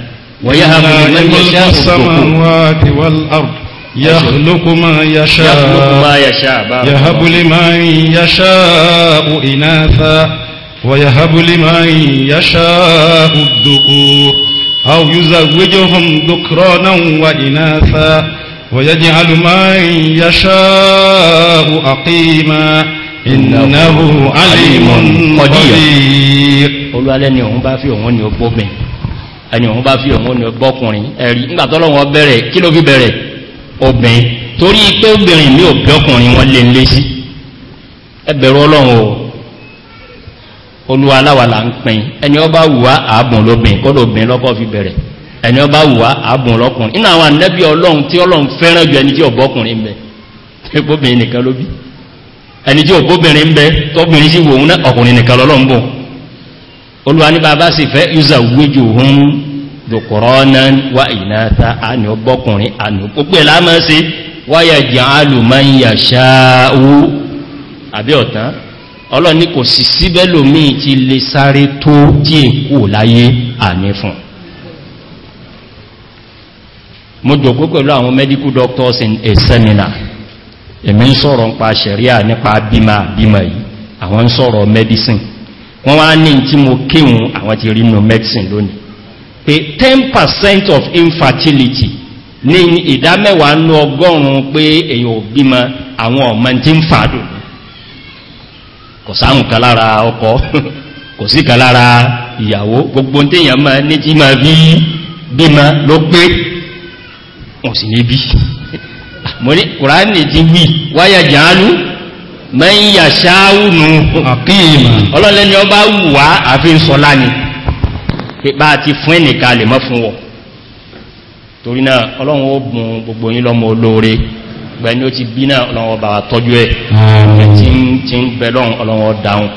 ويهب لمن يشاء السماوات والأرض يخلق ما يشاء يخلق ما يشاء يهب لمن يشاء إناثا ويهب لمن يشاء الذكور أو يزوجهم ذكرانا وإناثا ويجعل من يشاء أقيما إنه عليم قدير قل على أن يوم بافي ẹni òun bá fi òun ní bọ́kùnrin ẹ̀rí ńgbàtọ́lọ́wọ́ bẹ̀rẹ̀ kí ló fi bẹ̀rẹ̀ obìnrin torí pé obìnrin mi ò bí ọkùnrin wọn lè lé sí ẹbẹ̀rù ọlọ́run o olúwa aláwa là ń pin ẹni ọba wùwá àábùn lóbìn kó lóbìn lọ́kọ́ fi bẹ̀rẹ̀ ẹni ọba wùwá àábùn lọ́kùnrin iná àwọn anẹ́bí ọlọ́run tí ọlọ́run fẹ́ràn ju ẹni tí ọ̀bọ́kùnrin bẹ ẹgbóbìnrin nìkan ló bí ẹni tí ọ̀bọ́bìnrin bẹ tọ́bìnrin sí wòun náà ọkùnrin nìkan lọ́lọ́run bò olúwa ní bàbá sì fẹ́ yúzà wéjò hún dòkòrò náà wà ìnáta àní ọgbọ́kùnrin àní púpẹ̀ lámọ́ sí wáyà jẹ́ alùmọ́yà ṣááwó àbí ọ̀tán ọlọ́ni kò sì síbẹ́ lómi ti lè sáré tó tí èkó láyé àní fún mo jòkó pẹ̀lú àwọn medical doctors in a seminar èmi ń sọ̀rọ̀ nípa sẹ̀ríà nípa bímà bímà yìí àwọn ń sọ̀rọ̀ medicine wọ́n wá ní tí mo kíhun àwọn ti rí no medicine lónìí pé 10% of infertility ní ìdámẹ́wàá ní ọgọ́rùn-ún pé èyàn òbímọ àwọn ọmọ tí ń fàádù kò sáàmù kan lára ọkọ kò sí kan lára ìyàwó gbogbo téèyàn máa ní tí máa fi bímọ ló pé wọ́n sì ní mo ní kùránì ti wí wáyà jàánú mẹ́yà ṣááwùnú ọlọ́lẹ́ni ọba wùwá àfi ń sọ láni pípa àti fún ẹnìkan lè mọ́ fún wọ torí náà ọlọ́run ó bùn gbogbo yín lọ́mọ olóore gbẹ̀ni ó ti bí náà ọlọ́run ọba tọ́jú ẹ̀ tí ń bẹ lọ́run ọlọ́run ọdáhun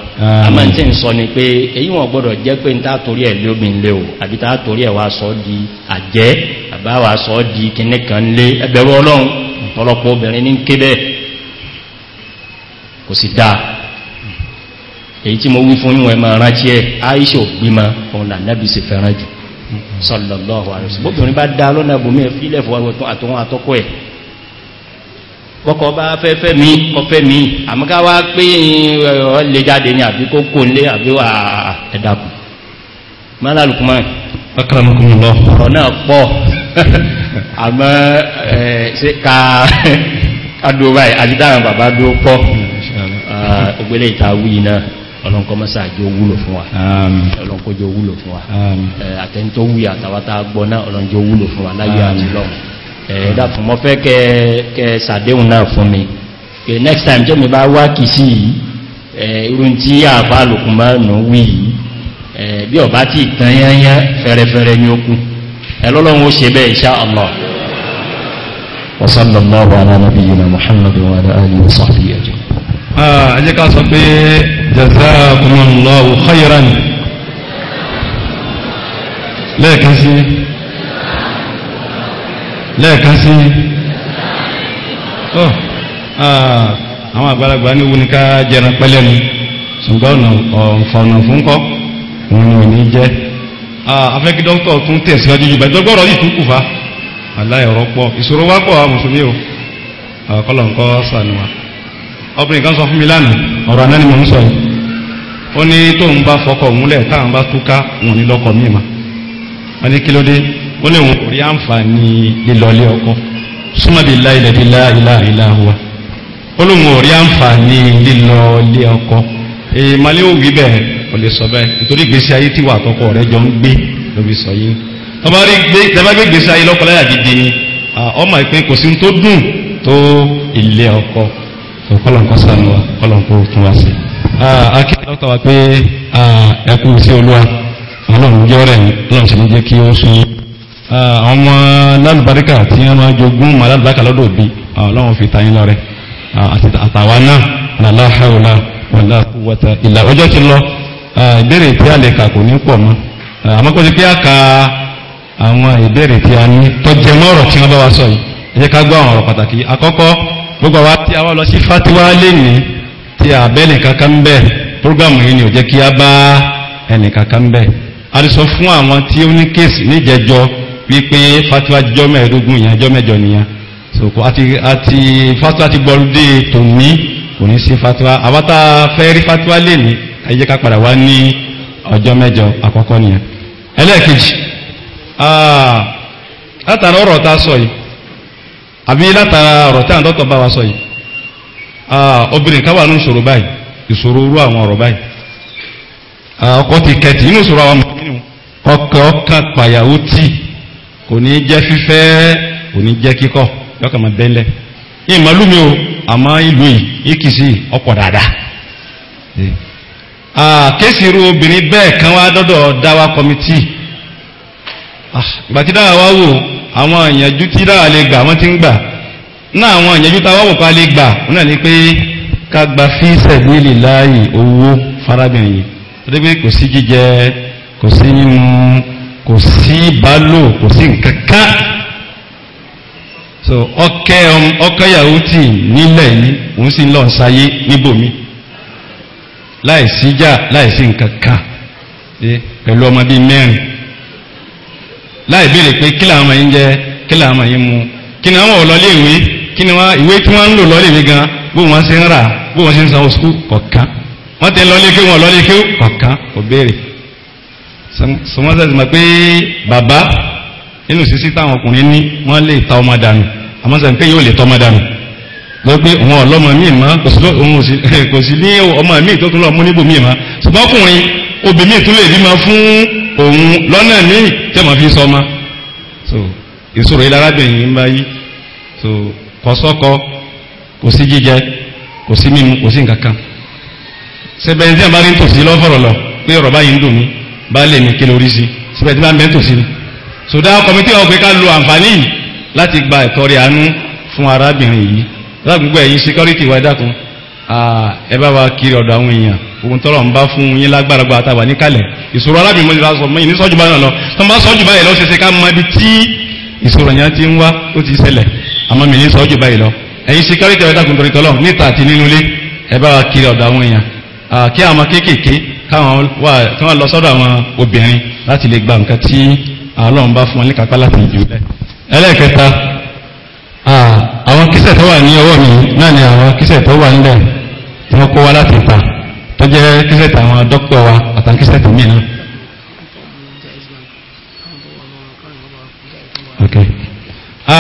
a máa tí ń sọ ni pé èyí wọn gbọ́dọ̀ jẹ́ pé ń tátorí ẹ̀ lóbin lé o obìnrin ní kébẹ̀ẹ́ kò sí dáa èyí tí mo wí fún yíwọ̀n ẹmọ rántí ẹ aisha ògbímọ òun là nábi sì fẹ́ràn jù sọlọ̀lọ́wọ́ àrùsù bóbìnrin bá dá lọ́nà bòmí ẹ̀ fílẹ̀ fọwọ́ àtọwọn àtọ́kọ́ ẹ̀ kọ́kọ́ mi kọfẹ́ mi àmọ́ká wá pé ọlẹ́ jáde ní àbí kó kó lé àbí wà ẹ̀dàkù mọ́lálùkùnmọ́ ọkàràmùkùnmọ́ ọ̀rọ̀ náà pọ̀ àmọ́ ẹ̀ sí ká dúró báyìí àti dáhùn bàbá dúró pọ̀ ogbélé ìta wíì náà ọlọ́nkọ́ mọ́sá jẹ́ owúlò fún wa ọlọ́nkọ́ jẹ́ owúlò fún wa àtẹ́ntọ́ wíì àtàwátá gbọ́ náà ọlọ́njẹ́ owúlò fún wa láyé àti lọ́wọ́ ẹ̀ẹ́dàfún mọ́ fẹ́ kẹ sàdéhùn náà fún mi next time jẹ́ mi bá wá kì sí irun tí àbá lòkùn máa nù wíì bí ọ̀bá tí ìtàn yányá fẹ́rẹfẹ́rẹ ní okùn ẹlọ́lọ́run ó ṣe bẹ́ ìṣá Allah وصلى الله على نبينا محمد وعلى آله وصحبه أجمعين Ah, ẹ jẹ́ ká sọ pé jazakumullahu khayran lẹ́ẹ̀kan sí lẹ́ẹ̀kan sí tọ́ oh, ah, àwọn àgbàlagbà ní wo ni ká jẹran pẹ́lẹ́ nu ṣùgbọ́n ọ̀nfọ̀nà fún kọ́ òun ò ní jẹ́ afẹ́kí ah, dọ́kítọ̀ tún tẹ̀síwájú jù bẹ́ẹ̀ gbọ́rọ̀ yìí tún kù fa aláìrọ́pọ̀ ìṣòro wá pọ̀ àwọn mùsùlùmí ọbìnrin kan sọ fún mi lánàá ọ̀rọ̀ àná ni mò ń sọ yìí ó ní tóun bá fọkọ múlẹ̀ táwọn bá túká òun ní lọ́kọ míì mà wọ́n ní kí ló dé ó lè wọn kò rí àǹfààní lílọ́lé ọkọ súnmọ́ bíi láì lẹ́bi láì láì láhùwà ó lóun ò rí àǹfààní lílọ́lé ọkọ èyí malé ò wí bẹ́ẹ̀ kò lè sọ bẹ́ẹ̀ nítorí ìgbésí ayé tí wà àkọ́kọ́ rẹ jọ ń gbé lóbi sọ yìí tọ́ba ọ̀pọ̀lọpọ̀ sànù wa ọ̀pọ̀lọpọ̀ tún wa sí. akí dọ́kítà wa pé ẹkú sí olúwa ọlọ́run jẹ́ ọ̀rẹ́ ọlọ́run sì ní jẹ́ kí ó sún. àwọn ọmọ lálùbáríkà tí wọ́n máa jogún màá lálùbáríkà lọ́dọ̀ òbí ọlọ́run fi ta yín lọ́rẹ àtàwa náà làlá hàwùlà wàlá kúwàtà ìlà ọjọ́ ti lọ ìbéèrè tí a lè kà ní pọ̀ mọ́ àmọ́ ti pé a ka àwọn ìbéèrè tí a ní tó jẹ mọ́ ọ̀rọ̀ tí wọ́n bá wa sọ yìí ẹ ká gbọ́ àwọn ọ̀rọ̀ pàtàkì àkọ́kọ́ gbogbo àwa tí a wá lọ sí fatiwa lénìí tí a bẹ́ nìkankan ń bẹ̀ prógámù yìí ni ò jẹ́ kí a bá ẹnìkankan ń bẹ̀ a lè sọ fún àwọn tí ó ní kéèsì níjẹjọ wípé fatiwa jọ mẹ́ẹ̀ẹ́dógún yẹn jọ mẹ́jọ nìyẹn so àti àti fatiwa ti gbọ́lódé tòní kò ní sí fatiwa àwa tá a fẹ́ rí fatiwa lénìí ẹ jẹ́ ká padà wá ní ọjọ́ mẹ́jọ àkọ́kọ́ nìyẹn ẹlẹ́ẹ̀kejì ah, látara ọ̀rọ̀ tá sọ yìí àbí látara ọ̀rọ̀ tí à ń dọ́tọ̀ bá wa sọ yìí obìnrin ká wà ní ìṣòro báyìí ìṣòro orú àwọn ọ̀rọ̀ báyìí ọkọ ti kẹtì nínú ìṣòro àwọn mọ̀mọ́nìyàn ọkọ ọkà pàyàwó tì kò ní jẹ́ fífẹ́ kò ní jẹ́ kíkọ́ yọkàn máa o àmọ́ ìlú yìí ìkìsí ọ̀pọ̀ dáadáa kéèsì irú obìnrin bẹ́ẹ̀ kan wá dọ́dọ̀ dáwà kọmitì ah, ìgbà dáwà wá wò àwọn ìyànjú tí dára lè gbà wọ́n ti ń gbà náà àwọn ìyànjú tá a wáwò pa lè gbà wọ́n náà ni pé ká gba fíìsẹ̀ nílì láàyè owó farabìnrin torí pé kò sí jíjẹ kò sí mímu kò sí ìbálò kò sí nǹkan so ọkẹ ọkẹ yahoo tì nílẹ̀ yìí òun sì ń lọ ṣayé níbòmí láìsíjà láìsí nǹkan kan pẹ̀lú ọmọ mẹ́rin láì béèrè pé kí làwọn máa ń jẹ kí làwọn máa ń mu kí ni àwọn ọ̀lọ́lé ìwé kí ni wọ́n ìwé tí wọ́n ń lò lọ́lé ìwé gan bó wọ́n ṣe ń rà bó wọ́n ṣe ń sanwó sukú kọ̀ọ̀kan wọ́n tẹ lọ́lé kí wọ́n lọ́lé kí kọ̀ọ̀kan kò béèrè sọmọ́sẹ̀ ti mọ̀ pé bàbá nínú sísí táwọn ọkùnrin ní wọ́n lè ta ọmọ dànù àmọ́sẹ̀ pé yóò lè tọ́ ọmọ dànù lọ pé òun ọlọ́mọ míì má kò sí ní ọmọ míì tó tún lọ mú níbò míì má ṣùgbọ́n ọkùnrin obìnrin tún lè bímọ fún òun lọ́nà míì tẹ́ mọ̀ fi sọmọ so ìṣòro ilé arábìnrin ń bá yí so kò sọ́kọ kò sí jíjẹ kò sí mímu kò sí nǹkan sẹbẹ̀ ní àbá ní tòsí lọ́fọ̀rọ̀ lọ pé ọ̀rọ̀ báyìí ń dùn mí bá lè ní kí lórí sí sẹbẹ̀ tí bá ń bẹ́ tòsí ni so dá kọmitì ọ̀ pé ká lo àǹfààní yìí láti gba ẹ̀tọ́ rẹ̀ àánú fún arábìnrin yìí lágbègbè ẹ̀yìn security wa dákun ẹ bá wa kiri ọ̀dọ̀ àwọn èèyàn òun tọrọ ń bá fún yín lágbára gba àtàwà níkàlẹ̀ ìṣòro alábìmọ́ ìlú aṣọ mọ́ ìní sọ́jú báyìí lọ tó ń bá sọ́jú báyìí lọ ṣe ṣe ká mọ ibi tí ìṣòro yẹn ti ń wá ó ti ṣẹlẹ̀ àmọ́ mi ní sọ́jú báyìí lọ ẹ̀yin ṣe kárí kẹrẹ dàgùn torí tọ́lọ̀ níta àti nínú ilé ẹ bá wa kiri ọ̀dọ̀ àwọn èèyàn kí àwọn ọmọ kéékèèké káwọn lọ sọ́dọ̀ àwọn obìnrin láti lè gba nǹkan tí Ọlọ́run bá fún wọn ní kápá láti ìjìnlẹ̀ ẹlẹ́ẹ̀kẹta àwọn kíṣẹ̀ tó wà ní ọwọ́ mi náà ni àwọn kíṣẹ̀ tó wà nílẹ̀ tí wọ́n kó wá láti ta tó jẹ́ kíṣẹ́tì àwọn dókítà wa àtàwọn kíṣẹ́tì míì náà.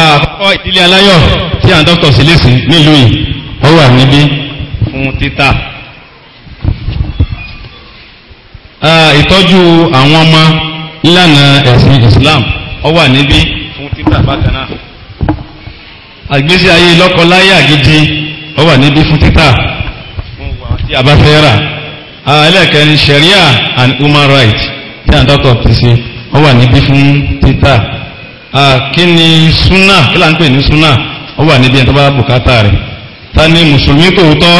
àkọ́kọ́ ìdílé aláyọ̀ tí à ń dókítà sí lẹ́sìn nílùú yìí ó wà níbí fún títà. ìtọ́jú àwọn ọmọ nílànà ẹ̀sìn Islam ó wà níbí fún títà bákan náà àgbésí ayé lọ́kọláyà gidi ó wà níbí fún títà tí a bá fẹ́ rà ẹlẹ́ẹ̀kẹrin sharia and human rights tí à ń tọ́kọ̀ ti ṣe wọ́n wà níbí fún títà kí ni suna. kí là ń pè ní súnà wọ́n wà níbí ẹni bá bùkátà rẹ̀ ta ni mùsùlùmí tòótọ́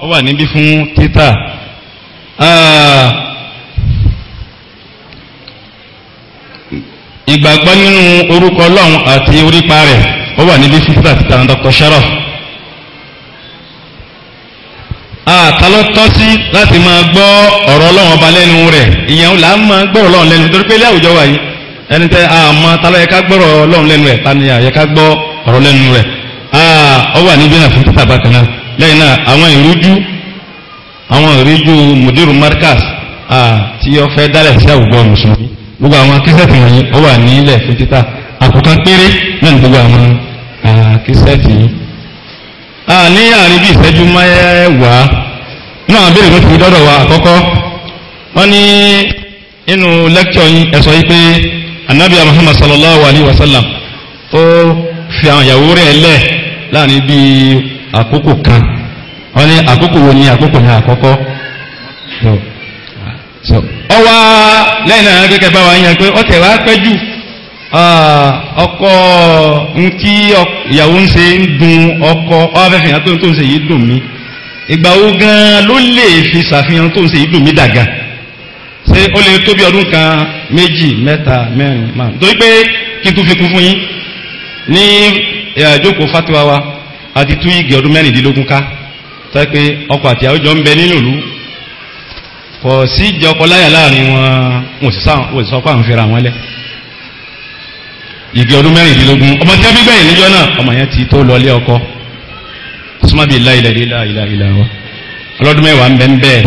wọ́n wà níbí fún títà ìgbàgbọ́ nínú orúkọ ọlọ́run àti orípa rẹ̀ ó wà níbi fífúta àti tàǹdọ̀kọ̀ sharaf ta ló tọ́ sí láti máa gbọ́ ọ̀rọ̀ ọlọ́run ọba lẹ́nu rẹ̀ ìyẹn là ń máa gbọ́rọ̀ ọlọ́run lẹ́nu torí pé ilé àwùjọ wa yìí ẹni tẹ àmọ́ ta yẹ ká gbọ́rọ̀ ọlọ́run lẹ́nu rẹ̀ tani yẹ ká gbọ́ ọ̀rọ̀ lẹ́nu rẹ̀ ọ wà níbí náà fún títà bákan náà lẹ́yìn náà àwọn ìrújú àwọn ìrújú mudiru markas tí ó fẹ́ dálẹ̀ sí àwùjọ mùsùlùmí gbogbo àwọn kíṣẹ́ẹ̀tì wọ̀nyí ó wà nílẹ̀ fún títà a ní àárín bí ìṣẹ́jú mẹ́wàá inú àwọn abẹ́rẹ́ kan fi dọ́dọ̀ wa àkọ́kọ́ wọ́n ní inú lẹ́kítọ̀ yín ẹ sọ yìí pé anabi muhammad sallallahu alayhi wa sallam ó fi àwọn ìyàwó rẹ̀ lẹ̀ láàrin bí àkókò kan wọ́n ní àkókò wo ni àkókò yẹn àkọ́kọ́ ọwọ́ lẹ́yìn náà gẹ́gẹ́ bá wa yẹn pé ọ̀tẹ̀ wa pẹ́ jù Ah, ọkọ nkí ìyàwó ń ṣe ń dùn ọkọ ọ́fẹ́fẹ́ ìyàn tó ń tó ń ṣe yìí dùn mí ìgbà wo gan ló lè fi ṣàfihàn tó ń ṣe yìí dùn mí dàgà ṣé ó lè tó bí ọdún kan méjì mẹ́ta mẹ́rin máa torí pé kí n tún fi kún fún yín ní ìjókòó fatiwa wa àti tú igi ọdún mẹ́rìndínlógún ká tẹ́ pé ọkọ àti àwùjọ ń bẹ nínú ìlú kò sí ìjọ ọkọ láyà láàrin wọn wọn ò sì sọ pé wọn lẹ́ igi ọdún mẹ́rìndínlógún ọmọ tí a fi gbẹ̀yìn níjọ́ náà ọmọ yẹn ti tó lọlé ọkọ súnmọ́bi láìlẹ̀ lílá ìlà ìlà wa ọlọ́dún mẹ́wàá ń bẹ́ ń bẹ́ẹ̀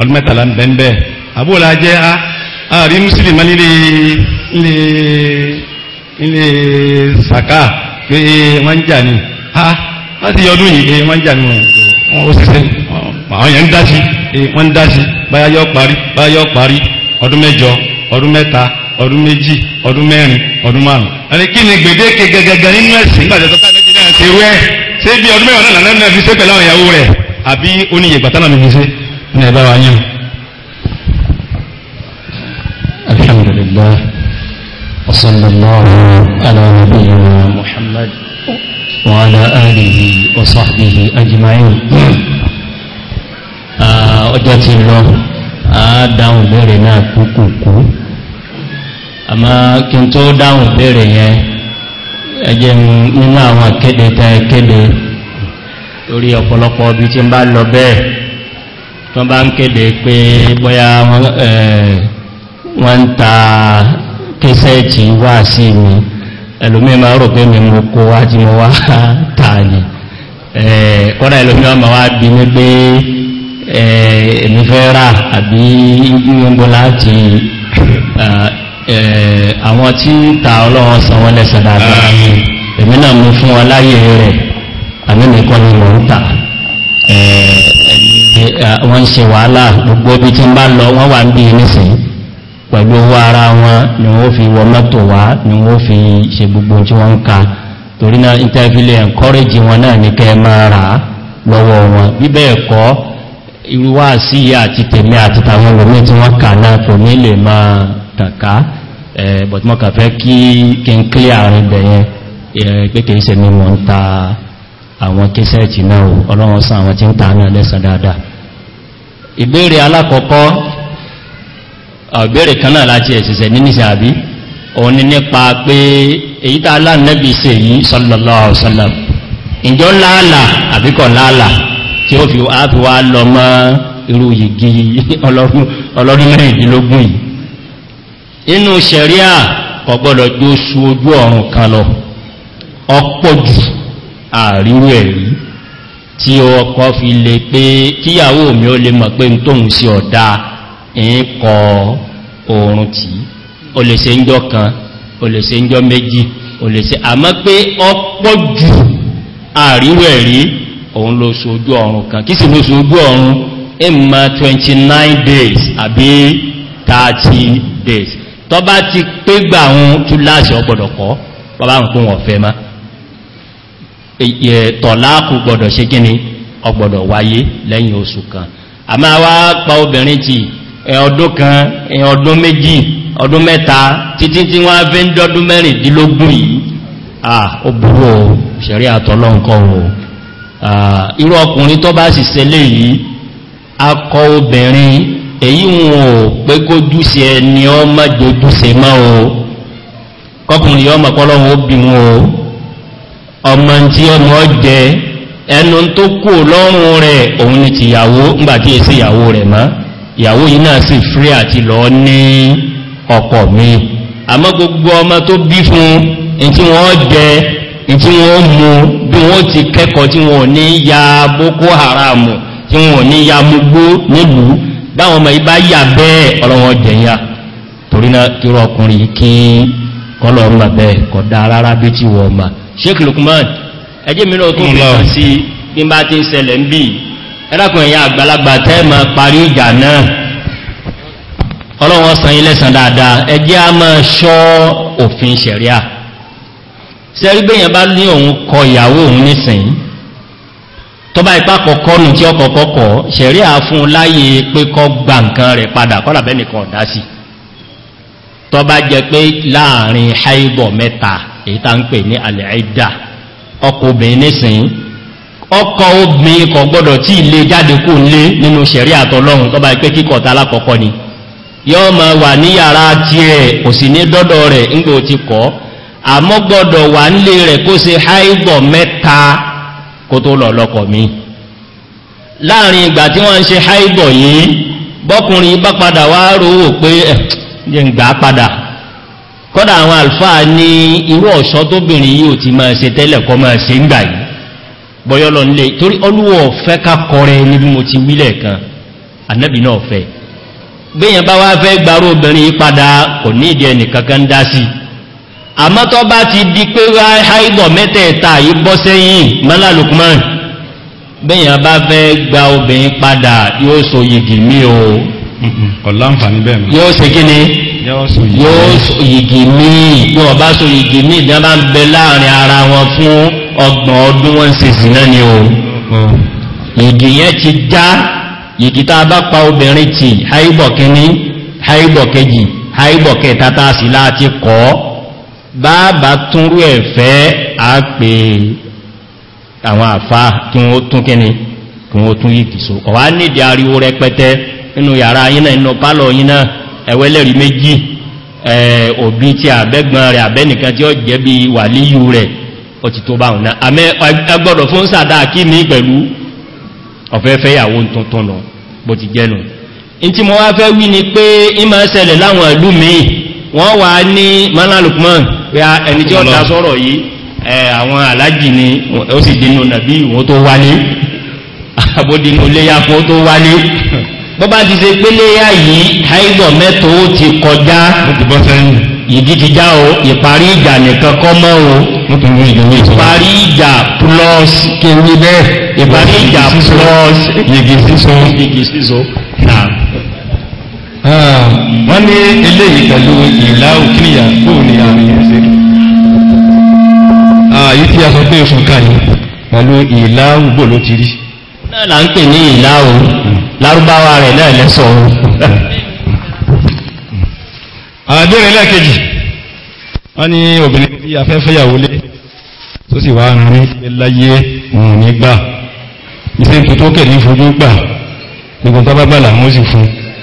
ọdún mẹ́tàlá ń bẹ́ ń bẹ́ẹ̀ àbúrò ajẹ́ a àrí mùsùlùmí nílé nílé nílé sàká pé wọ́n ń jà ní a wọ́n ti yọ ọdún yìí pé wọ́n ń jà ní wọn ó ṣiṣẹ́ àwọn yẹn ń dá sí wọ́n ń dá sí báyá parí báyá parí ọdún mẹ́jọ ọdún mẹ́ta ọdún méjì ọdún mẹ́rin ọdún márùn-ún. àti kí ni gbèdéke gẹ́gẹ́gẹ́ nínú ẹ̀sìn nígbà tó káàdé bí náà ṣe wẹ́ ṣé bí ọdún mẹ́wàá náà fi ṣe pẹ̀lú àwọn ìyàwó rẹ̀ àbí oníyè gbàtà náà fi ṣe ní ẹ̀dá wa yàn. alhamdulillah wa sallallahu ala nabiyyina muhammad wa ala alihi wa sahbihi ajma'in. Ah, ọjọ́ ti lọ àádáhùn bẹ̀rẹ̀ náà kúkúkú àmá kí n tó dáhùn bèèrè yẹn ẹjẹ́ nínú àwọn akéde tẹ kéde torí ọ̀pọ̀lọpọ̀ ibi tí ń bá lọ bẹ́ẹ̀ tó bá ń kéde pé bóyá wọ́n ń ta kẹsẹ́ẹ̀tì wá sí mi ẹlòmí ma rò pé mi mú kó wá tí mo wá tàà ní kọ́dá ẹlòmí ọmọ wá bí ní pé èmi fẹ́ rà àbí ìgbìmọ̀ láti àwọn tí ta ọlọ́wọ́ san wọ́n lẹ́sẹ̀ dáadáa èmi náà mú fún wọn láyé rẹ̀ àmì ni mò ń wọ́n ń wàhálà gbogbo ibi tí ń bá lọ wọ́n wà ń bí nísìn pẹ̀lú owó ara wọn ni wọ́n fi wọ mọ́tò wá ni wọ́n fi ṣe gbogbo tí wọ́n torí náà encourage wọ́n kà náà kò but mọ́ kàfẹ́ kí kí n kílé àárín bẹ̀yẹn pé kìí ṣe mímọ̀ ń ta àwọn kẹsẹ̀ẹ̀tì náà ọlọ́run sán àwọn tí ń ta náà lẹ́sàn dáadáa ìbéèrè alákọ̀ọ́kọ́ àbẹ̀rẹ̀ kan náà láti ẹ̀sẹ̀sẹ̀ níníṣẹ́ àbí òun ni nípa pé èyí tá aláàrínẹ́bì se yìí sallallahu sallam ìjọ láàlà àbíkọ̀ láàlà tí ó fi wá lọ mọ́ irú yìí ọlọ́dún mẹ́rìndínlógún yìí inú sẹ̀ríà kò gbọ́dọ̀ ju oṣù ojú ọ̀run kan lọ ọpọ̀ jù àríwú ẹ̀rí tí ọkọ̀ fi lè pé kíyàwó mi ó lè mọ̀ pé n tóhun sí ọ̀dá ẹ̀yìn kọ oòrùn tí o lè ṣe ń jọ kan o lè ṣe ń jọ méjì o lè ṣe àmọ́ pé ọpọ̀ jù àríwú ẹ̀rí òun ló sojú ọ̀run kan kí sì ló sojú ọ̀run ìmọ̀ 29 days àbí 30 days tọ́ bá ti pé gbà àwọn túláàsì ọgbọ̀dọ̀ kọ́ bọ́bá ń kún ọ̀fẹ́ ma tọ̀láàkù gbọ́dọ̀ ṣe gíní ọgbọ̀dọ̀ wáyé lẹ́yìn oṣù kan a máa wá pa obìnrin ti ọdún kan ọdún méjì ọdún mẹ́ta títí tí wọ́n fẹ́ ń dọ́dún mẹ́rìndínlógún yìí ah ó burú o ṣẹ̀rí àtọ́lọ́ nǹkan èyí wọn ò pé kó júṣe ẹni ọmọ ma mọ́ o kọkùnrin ọmọ kọlọ́wọ́ bí wọn o ọmọ tí ọmọ jẹ ẹnu tó kò lọ́rùn rẹ̀ òun ni ti ìyàwó ńgbàtí èsì ìyàwó rẹ̀ mọ́ ìyàwó yìí náà sì àti lọ ní mi àmọ́ gbogbo ọmọ tó bí fún jẹ mú bí boko haram tí wọ́n ní ya báwọn ọmọ yìí bá yà bẹ́ẹ̀ ọlọ́wọ́ jẹ̀yà torí náà kíró ọkùnrin kí kọlọ́run mà bẹ́ẹ̀ kọ̀ dá rárá bí tí wọ́n mà sheik lukman ẹjẹ́ mi náà tó fi kàn sí bí bá ti ń ṣẹlẹ̀ ń bì ẹlẹ́kùn ẹ̀yà àgbàlagbà tẹ́ mọ parí ìjà náà ọlọ́wọ́ san ilé dáadáa ẹjẹ́ a máa ṣọ́ òfin ṣẹ̀ríà sẹ́rí bẹ́yẹn bá ní òun kọ ìyàwó òun nísìnyí tọba ipá kọ̀kọ́ nù tí ọkọ̀ kọ́kọ́ ṣẹ̀rí àfún láyé pé kọ́ gbà nǹkan rẹ̀ padà kọ́lá bẹ́ẹ̀ nìkan ọ̀dá sí tọba jẹ pé láàrin haibọ̀ mẹ́ta èyí tá ń pè ní alẹ́ ẹ̀dà ọkọ̀ obìnrin nísìnyí ọkọ̀ obìnrin kọ̀ gbọ́dọ̀ tí ilé jáde kò lé nínú ṣẹ̀rí àtọlọ́run tọba ipé kíkọ̀ ta alákọ̀ọ́kọ́ ni yọ́ ma wà ní yàrá tiẹ̀ kò sì ní dọ́dọ̀ rẹ̀ ńgbò ti kọ́ àmọ́ gbọ́dọ̀ wà nílé rẹ̀ kó se haibọ̀ mẹ́ta kó lọ lọ́kọ̀ mi láàrin ìgbà tí wọ́n ń ṣe háìbọ̀ yìí bọ́kùnrin bá padà wá rówó pé ẹ̀ gbà padà kọ́dà àwọn irú ọ̀ṣọ́ ti máa ṣe tẹ́lẹ̀ kọ́ máa ṣe ń gbà yìí nílé torí olúwọ̀ mo ti wílẹ̀ kan annabi náà fẹ́ gbéyàn bá wá fẹ́ gbárò obìnrin padà kò ní ìdí àmọ́ tó bá ti di pé haibọ̀ mẹ́tẹ̀ẹ̀ta yìí bọ́ sẹ́yìn mọ́lá lukman bẹ́yàn bá fẹ́ gba obìnrin padà yóò so yìgì mí o yóò ṣe kí ni yóò so yìgì mí bí wọ́n bá so yìgì mí ìdá bá ń bẹ láàrin ara wọn fún ọgbọ̀n ọdún wọn ṣe sí náà ni o yìgì yẹn ti já yìgì tá a bá pa obìnrin tì haibọ̀ kíní haibọ̀ kejì haibọ̀ kẹta tá a sì láti kọ́ ọ́ bàbá túnrú ẹ̀fẹ́ a pè àwọn àfá kí wọ́n tún kíni kí wọ́n tún yìí kìsò ọ̀wá nídìí ariwo rẹpẹtẹ nínú yàrá yínà inú pálọ̀ yínà ẹ̀wẹ́lẹ̀rí méjì òbí tí àbẹ́gbọ́n rẹ̀ àbẹ́nìkan tí ó jẹ́ bí wà líyù rẹ̀ ó ti tó báhùn náà àmẹ́ ẹgbọ́dọ̀ fún sàdá kí ní wọ́n wà ní mọ́nà lukman pé ẹni tí ó ta sọ́rọ̀ yìí àwọn alájì ni ó sì dínú nàbí ìwọ́n tó wálé àbódínú léyà fún tó wálé bọ́bá ti ṣe pé léyà yìí haidọ̀ mẹ́tò ti kọjá ìdí ti já o ìparí ìjà nìkan kọ́ mọ́ o ìparí ìjà plus kí n bẹ́ẹ̀ ìparí ìjà plus yìgì síso yìgì síso náà. Ah, wọ́n ní eléyìí pẹ̀lú ìlà òkìníyà bóò ní àmì ẹ̀sẹ̀ ààyí ah, tí a sọ pé oṣù kàní pẹ̀lú ìlà òbò ló ti rí náà là ń pè ní ìlà òun lárúbáwá rẹ̀ náà lẹ́sọ̀ òun àbẹ̀rẹ̀ ah, lẹ́ẹ̀kejì wọ́n ní obìnrin tí a fẹ́ fẹ́yàwó lé tó sì wá rìn láyé òun nígbà ìṣèǹtò tó kẹ̀ ní fojú gbà gbogbo tábàbà làwọn ó sì fún un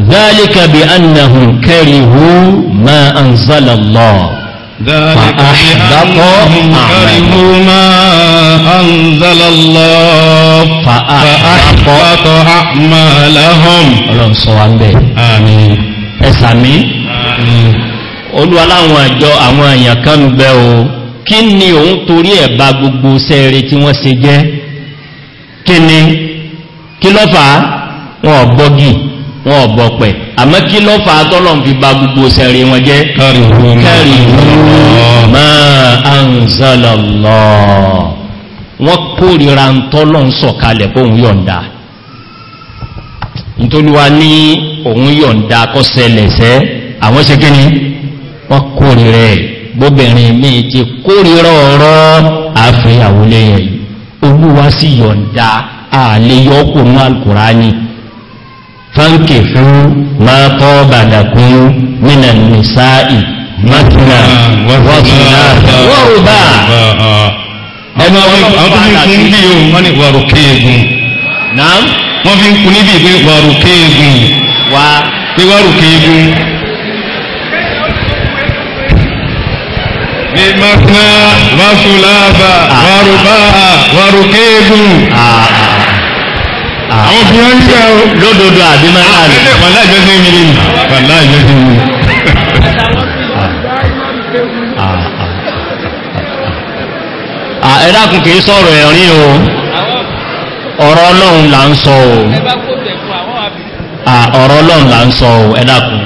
ذلك بأنهم كرهوا ما أنزل الله فأحبط أعمالهم ما أنزل الله فأحبط أعمالهم ọlọ́run sọ wa ń bẹ̀ ẹ̀sà mi olúwa láwọn àjọ àwọn èèyàn kan ń bẹ o kí ni òun torí ẹ̀ bá gbogbo sẹ́ẹ̀rẹ̀ tí wọ́n se jẹ́ kí ni kí lọ́fà wọn ọ̀gbọ́gì wọn ọ̀bọ̀ pẹ̀ àmọ́ kí ló fà á tọ́lọ̀n fi ba gbogbo wọn jẹ kẹrì wọ́n kórìíra ń tọ́lọ̀n sọ̀kalẹ̀ fóun yọ̀ǹda nítoríwá ní òun yọ̀ǹda kọ́ sẹlẹ̀sẹ́ àwọn ṣe kí ni wọ́n kórìíra ẹ̀ fáńkì fún máa kọ́ bàdàkún nínà nìsáì mákìnà ah, wọ́sùnà wọ́rùbá ah, ah. ẹnu àwọn tó fi ń kun níbi yóò wọ́n ní wàrùkẹ́ egun wọ́n fi ń kun níbi pé wàrùkẹ́ egun wá pé wàrùkẹ́ egun wọ́rùbá wàrùkẹ́ egun. Ah. àwọn fi hàn níbẹ̀ o. lódodo àbí máa ń lò. Ah, wàlá ìjọ sí mi nìyí. wàlá ìjọ sí mi. Ah, ẹ dákun kì í sọ̀rọ̀ ẹ̀rín o ọ̀rọ̀ ọlọ́run là ń sọ o ọ̀rọ̀ ọlọ́run là ń sọ o ẹ dákun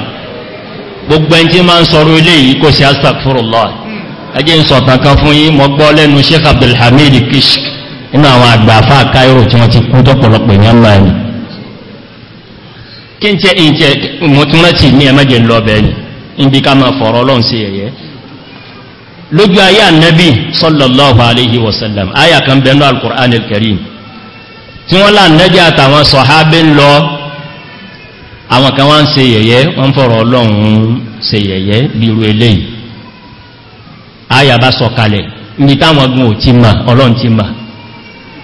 gbogbo ẹni tí máa ń sọ̀rọ̀ eléyìí kò sí astagfirullah ẹ jẹ́ ń sọ̀tàn kan fún yín mo gbọ́ lẹ́nu sheikh abdulhamid kishk nínú àwọn àgbàfà káírò tí wọ́n ti kú tọ́pọ̀lọpọ̀ èèyàn máa ní kí n tẹ́ èyí tẹ́ mọ̀túnrẹ́tì ní ẹmẹ́jẹ̀ lọ́bẹ̀ẹ́ ni níbi ká máa fọ̀rọ̀ ọlọ́run sí ẹ̀yẹ́ lójú ayé ànẹ́bì sallallahu alayhi wa sallam ayà kan bẹ̀rẹ̀ al-Qur'an al-Karim tí wọ́n lá nẹ́bí àtàwọn sọ̀hábé ń lọ àwọn kan wá ń ṣe yẹ̀yẹ́ wọ́n fọ̀rọ̀ ọlọ́run ṣe yẹ̀yẹ́ bí irú eléyìí ayà ò ti mà ọlọ́run ti mà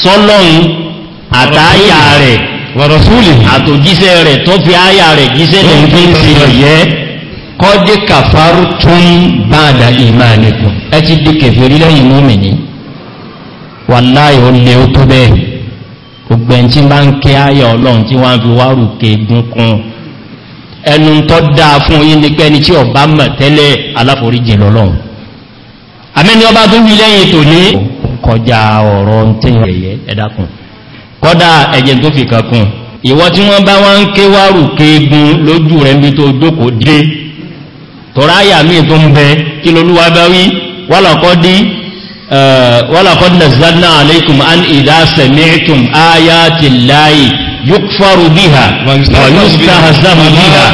sọ́lọ́run àtàyà rẹ̀ wọ̀rọ̀súlì àtòjíṣẹ́ rẹ̀ tó fi àyà rẹ̀ jíṣẹ́ lẹ́yìn tó ń ṣe ọ̀yẹ́ kọ́dé kàfàrú tún báàdà ìmáàlẹ́kùn ẹ ti di kẹfẹ́rí lẹ́yìn mọ́mìnì wàláì ó lé ó tó bẹ́ẹ̀ gbogbo tí bá ń ké àyà ọlọ́run tí wọ́n fi wá rùkè gun ẹnu tó dáa fún yín ni pé tí ọba mọ̀ tẹ́lẹ̀ aláforíjì lọ́lọ́run àmẹ́ni ọba tó wí lẹ́yìn tò ní kọjá ọ̀rọ̀ tí ẹ̀yẹ ẹ̀dàkùn kọ́dá ẹ̀jẹ̀ tó fi kankun ìwọ tí wọ́n bá wọ́n ń ké wárù kéegun lójú rẹ̀ bí tó jókòó dé tọ́rọ àyà mí tó ń bẹ kí lolúwa bá wí wọ́lọ̀kọ́ nàzánà aleikum an ìdá sẹ̀mẹ́tùm áyá ti láyé yukfaru biha wa yustahazamu biha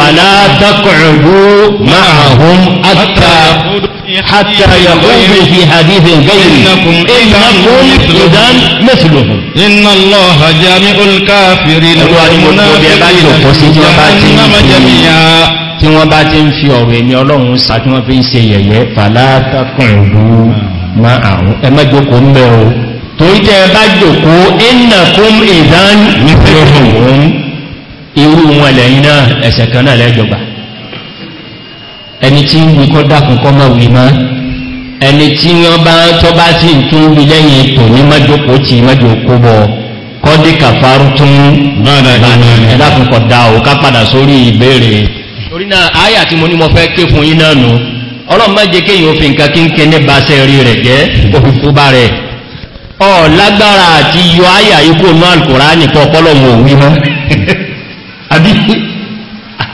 fala taq'udu ma'ahum hatta حتى يقوم في حديث غيره إنكم إذا مثلهم إن الله جامع الكافرين والمنافقين جهنم جميعا tí wọ́n bá ti ń fi ọ̀rọ̀ èmì ọlọ́run sá tí wọ́n fi ń ṣe yẹ̀yẹ́ fàlátàkùnlú ma àrùn ẹmẹ́jọ́kò ń bẹ̀ o torí tẹ́ bá jòkó ẹnàkún ìdánilẹ́gbẹ̀rún irú wọn lẹ́yìn náà ẹ̀sẹ̀ kan náà lẹ́jọba ẹni tí ń wí kọ́ dákun kọ́ máa wí mọ́ ẹni tí wọ́n bá tọ́ bá sì ń tún wí lẹ́yìn ètò ní mọ́jọ́kó tí mọ́jọ́kó bọ̀ kọ́dé tún da ò ká padà sórí ìbéèrè torí àyà mo ní mo fẹ́ ké fún yín náà nù ọlọ́run má jẹ́ kéèyàn nǹkan kí ń kẹ́ bá rẹ̀ ọ lágbára àti yọ àyà náà nìkan ọpọlọ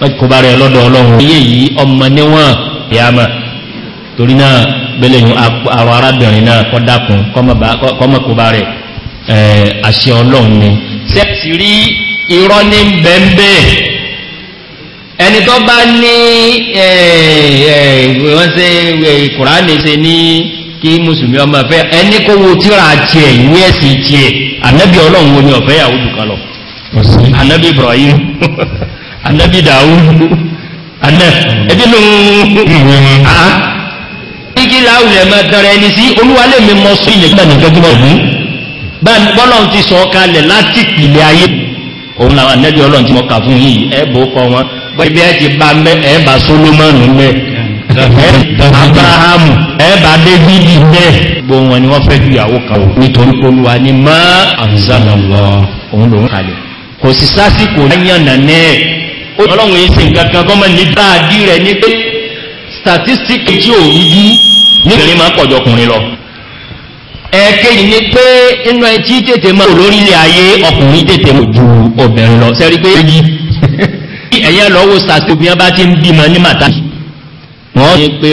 mẹ́kọ̀ọ́bá rẹ̀ lọ́dọ̀ ọlọ́run iye yìí ọmọ níwọ̀n ìyàmà torí náà bẹ́lẹ̀ yìí àwọn arábìnrin náà kọ́ dákun kọ́mọ̀kọ́bá rẹ̀ àṣẹ ọlọ́run ni sẹ́ẹ̀sì rí irọ́ ní bẹ́ẹ̀bẹ́ ẹni tó bá ní wọ́n ṣe kùránì ṣe ní kí mùsùlùmí ọmọ ẹ̀fẹ́ ẹni kó wo tíra tiẹ̀ ìwé ẹ̀sìn tiẹ̀ ànábì ọlọ́run wo ni ọ̀fẹ́ yàwó jù kan lọ ànábì ibrahim anabi dawudu anẹ ẹbí ló ń a ah. igi làwọn ilẹ̀ máa tẹ̀rẹ̀ ẹni sí olúwalẹ̀ mi mọ sí ilẹ̀ gbẹ̀mí gbẹ̀mí ọ̀dún báyìí bọ́lá ti sọ kalẹ̀ láti ìpìlẹ̀ ayé òun làwọn anabi ọlọ́run ti mọ kà fún yìí ẹ bò wọn bẹ́ẹ̀ ẹ ti bá mẹ ẹ bá abrahamu ẹ david mẹ gbogbo wọn ni wọn fẹ́ ju ìyàwó kan o nítorí olúwa ni má àǹzàlọ́wọ́ òun lòún kalẹ̀ kò sì sásìkò láyànnà náà ọlọ́run èsì nǹkankan gọ́mọ̀ ní dáadí rẹ̀ ní pé statistic tí ò rújú níbìrin máa ń pọ̀jọ ọkùnrin lọ ẹ̀ẹ́kejì ni pé inú ẹ tí tètè máa lórí ilé ayé ọkùnrin tètè mọ̀ ju obìnrin lọ sẹ́rí pé yí ẹ̀yẹ́ lọ́wọ́ statistic obìnrin bá ti ń bímọ ní màtá wọ́n ní pé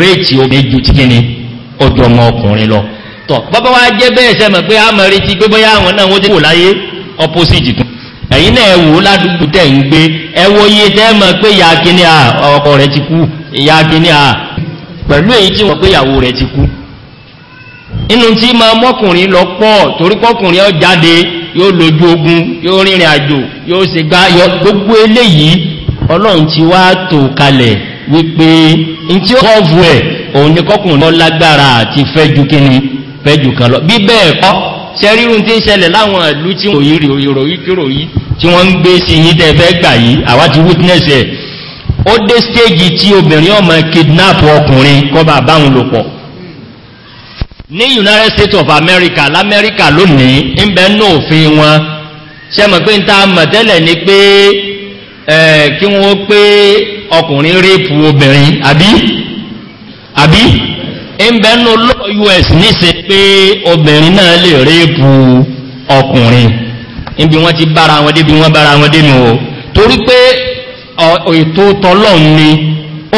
réètì obìnrin ju ti kíni ọjọ́ ọmọ ọkùnrin lọ tọ̀ bọ́bá wa jẹ́ bẹ́ẹ̀ sẹ́mọ̀ pé a mọ̀ retí pé bóyá àwọn náà wọ́n ti kò láyé opposite tún ẹ̀yìn náà ẹ̀wò ládùúgbò tẹ̀ ń gbé ẹwọ iye tẹ́ mọ̀ pé ìyá kíní à ọkọ rẹ̀ ti kú ìyá kíní à pẹ̀lú èyí tí wọ́n pé ìyàwó rẹ̀ ti kú inú tí ma mọ́kùnrin lọ pọ̀ torí pọ́kùnrin ọ jáde yóò lójú ogun yóò rìnrìn àjò yóò ṣe gbá yọ gbogbo eléyìí ọlọ́run ti wá tò kalẹ̀ wípé n tí ó kọ́ọ̀fù ẹ̀ òun ni kọ́kùnrin lọ lágbára àti fẹ́jú kíni fẹ́jú kan lọ bí bẹ́ẹ̀ kọ́ ṣẹ́rírun ti ń ṣẹlẹ̀ láwọn ìlú tí òyìnrìn òyìnrìn òyìnrìn tí wọ́n ń gbé sí yí tẹ́fẹ́ gbà yìí àwá ti witness ẹ̀ ó dé stéjì tí obìnrin ọmọ kidnap ọkùnrin kọba báhùn lò ní united states of america lamẹ́ríkà lónìí ń bẹ́ fi òfin wọn sẹ́mọ̀ pé ń ta mọ̀tẹ́lẹ̀ ni pé kí wọ́n pé ọkùnrin rape obìnrin àbí àbí ń bẹ́ ní olóò us nise pé obìnrin náà lè rape ọkùnrin níbi wọ́n ti bára wọn débi wọ́n bára wọn dénú o torí pé ètò tọlọ́run ni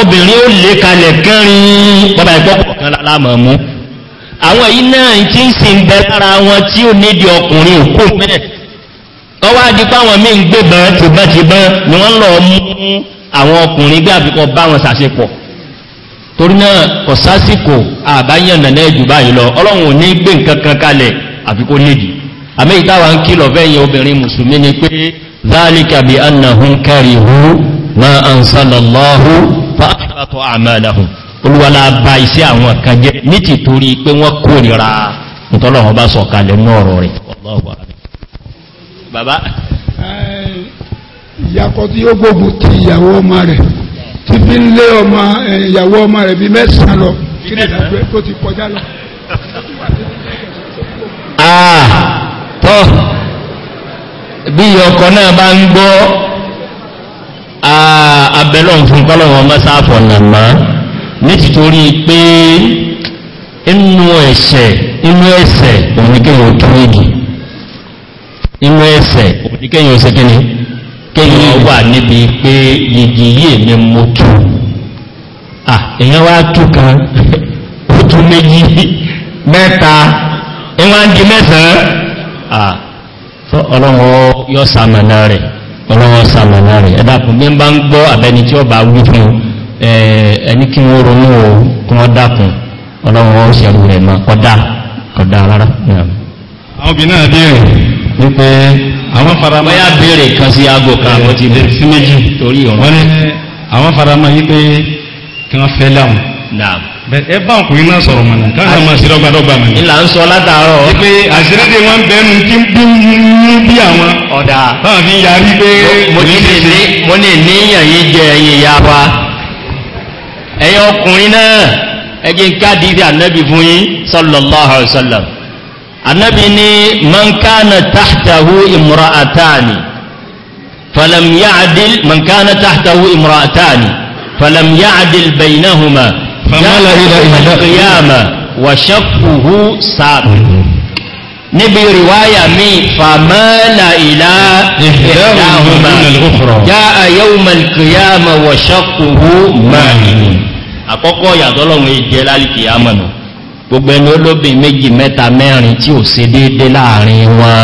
obìnrin ó lè kalẹ̀ kẹrin bọ́bá ìgbọ́kọ̀ kan lálámọ̀ mú àwọn èyí náà tí ń sin bẹ lára wọn tí ó nídìí ọkùnrin òkú mẹ́ẹ̀ ọwọ́ adipá wọn mí ń gbébọn tìbọ́tìbọ́n ni wọ́n lọ mú àwọn ọkùnrin bí àfikọ́ bá wọn ṣàṣepọ̀ torí náà kọ̀sásìkò àbáyànnà náà jù báyìí lọ ọlọ́run ò ní gbé nǹkan kan kalẹ̀ àfikọ́ nídìí àmì ìtawà ń kí lọ̀fẹ́yìn obìnrin musulmi ni pé zálíkà bí annahun kẹrì hù ma an sallallahu fa'abatọ̀ àmàlàhùn olúwàlá bá iṣẹ́ àwọn kan jẹ́ ní ti torí pé wọ́n kórìíra ìtọ́lọ̀wọ́n bá sọ̀kalẹ̀ náà rẹ̀ bàbá ìyàkọ̀ tí ó gbógun ti ìyàwó ọmọ rẹ̀ bí ọkọ̀ náà bá ń gbọ́ abẹ́lọ́ fún kọ́lọ̀wọ́ mọ́sáàfọ̀ nàmá ní títorí pé inú ẹ̀ṣẹ̀ inú ẹ̀ṣẹ̀ oníkẹyìn òtúrégì inú ẹ̀ṣẹ̀ oníkẹyìn òsèkíní kẹyìn wà níbi pé yìí yìí mi mú tù ah èyàn wá tù kan ó tún méjì mẹ́ta ìwọ̀n di mẹ́sàn-án ọlọ́wọ́ yọ sàmànà rẹ̀ ọlọ́wọ́ sàmànà rẹ̀ ẹ̀dàkùn bí n bá ń gbọ́ àbẹni tí ó bá wú fún ẹni kí wọ́n ronú kún ọ dákùn ọlọ́wọ́ ṣẹ̀rù rẹ̀ ma kọ́dá kọ́dá rárá àwọn obìnrin náà béèrè wípé àwọn faramá yá béèrè kan sí aago kan àwọn ti bẹ̀rẹ̀ sí méjì torí ọ̀rọ̀ wọ́n ní àwọn faramá yí pé kí ẹ bá ọkùnrin náà sọ̀rọ̀ mọ̀nà káàkiri máa ṣe dọ́gbadọ́gba mọ̀nà. ìlà ń sọ látàárọ̀. wípé àṣírídé wọn bẹnu tí ń bú ní bí àwọn. ọ̀dà báwọn fi ń yarí pé. mo ní níyàn yìí jẹ ẹyin ìyá wa. ẹ̀yin ọkùnrin náà ẹ jẹ́ ń káàdì ìdí ànábì fún yín sallallahu alaihi wasallam. ànábì ní man kana tahtahu imra'atani falam ya'dil man kana tahtahu imra'atani falam ya'dil baynahuma fàmọ́lá ilẹ̀ ìyàmà wàṣẹ́kùhù sáàbù níbi ríwáyà mi fàmọ́lá ilá ìdáhùnmá já àyẹ́wùmọ̀ ìkìyàmà wàṣẹ́kùhù máàlì àkọ́kọ́ yàtọ́lọ́run ìjẹ́ lálìkìyàmà nù gbogbo ẹni olóbìn méjì mẹ́ta mẹ́rin tí ò se déédé láàrin wọn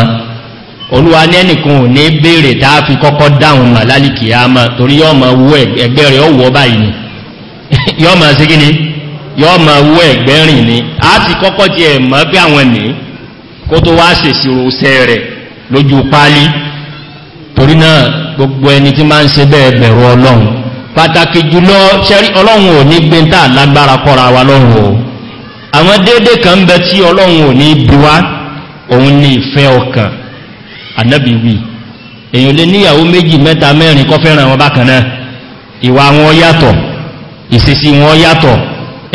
yọ́ ma ṣe gíní yọ́ ma wú ẹ̀gbẹ́rìn ni a ti kọ́kọ́ ti ẹ̀ mọ́ pé àwọn ẹ̀mí kó tó wá ṣèṣirò ṣẹ́ rẹ̀ lójú pálí torí náà gbogbo ẹni tí máa ń ṣe bẹ́ẹ̀ bẹ̀rù ọlọ́run pàtàkì jùlọ ṣẹ́rí ọlọ́run ò ní gbé tá lágbára kọ́ra wa lọ́run o àwọn déédé kan ń bẹ tí ọlọ́run ò ní bí wá òun ní ìfẹ́ ọkàn ànábì wí èèyàn lè níyàwó méjì mẹ́ta mẹ́rin kọ́ wọn bákan náà ìwà wọn yàtọ̀ ìsìsì wọn yàtọ̀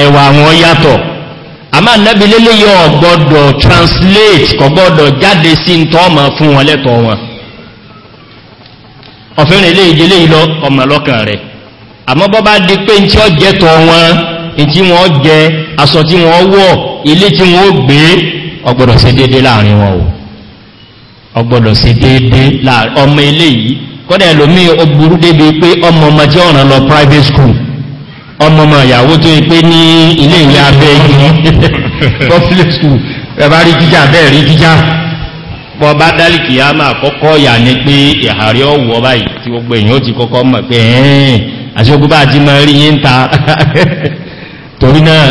ẹwà wọn yàtọ̀ àmá nẹ́bí lélẹ́ yọ ọ̀gbọ́dọ̀ translate kọ̀gbọ́dọ̀ jáde sí tọ́ọ̀mà fún wọn lẹ́tọ̀ wọn ọ̀fẹ́rin ilé ìdílé ìlọ ọmọ lọ́kàn rẹ̀ àmọ́ bọ́ bá di pé tí ó jẹ́ tọ́ wọn tí wọ́n jẹ aṣọ tí wọ́n wọ̀ ilé tí wọ́n gbé ọgbọ́dọ̀ sí déédé láàrin wọn o ọgbọ́dọ̀ sí déédé láàrin ọmọ ilé yìí kọ́dẹ̀ lómi ó burú débi pé ọmọ ọmọ tí ọ̀ràn lọ private school ọmọọmọ ìyàwó tó pé ní ilé ìwé abẹ́ igi public school ẹ̀bá rí jíjà bẹ́ẹ̀ rí jíjà pọ̀ bá dálìkì á máa kọ́kọ́ yà ní pé ìhàrí ọ̀wọ́ báyìí tí gbogbo èèyàn ti kọ́kọ́ mọ̀ pé ẹ̀ẹ́n àṣọ́gbó bá ti máa rí yín ta torí náà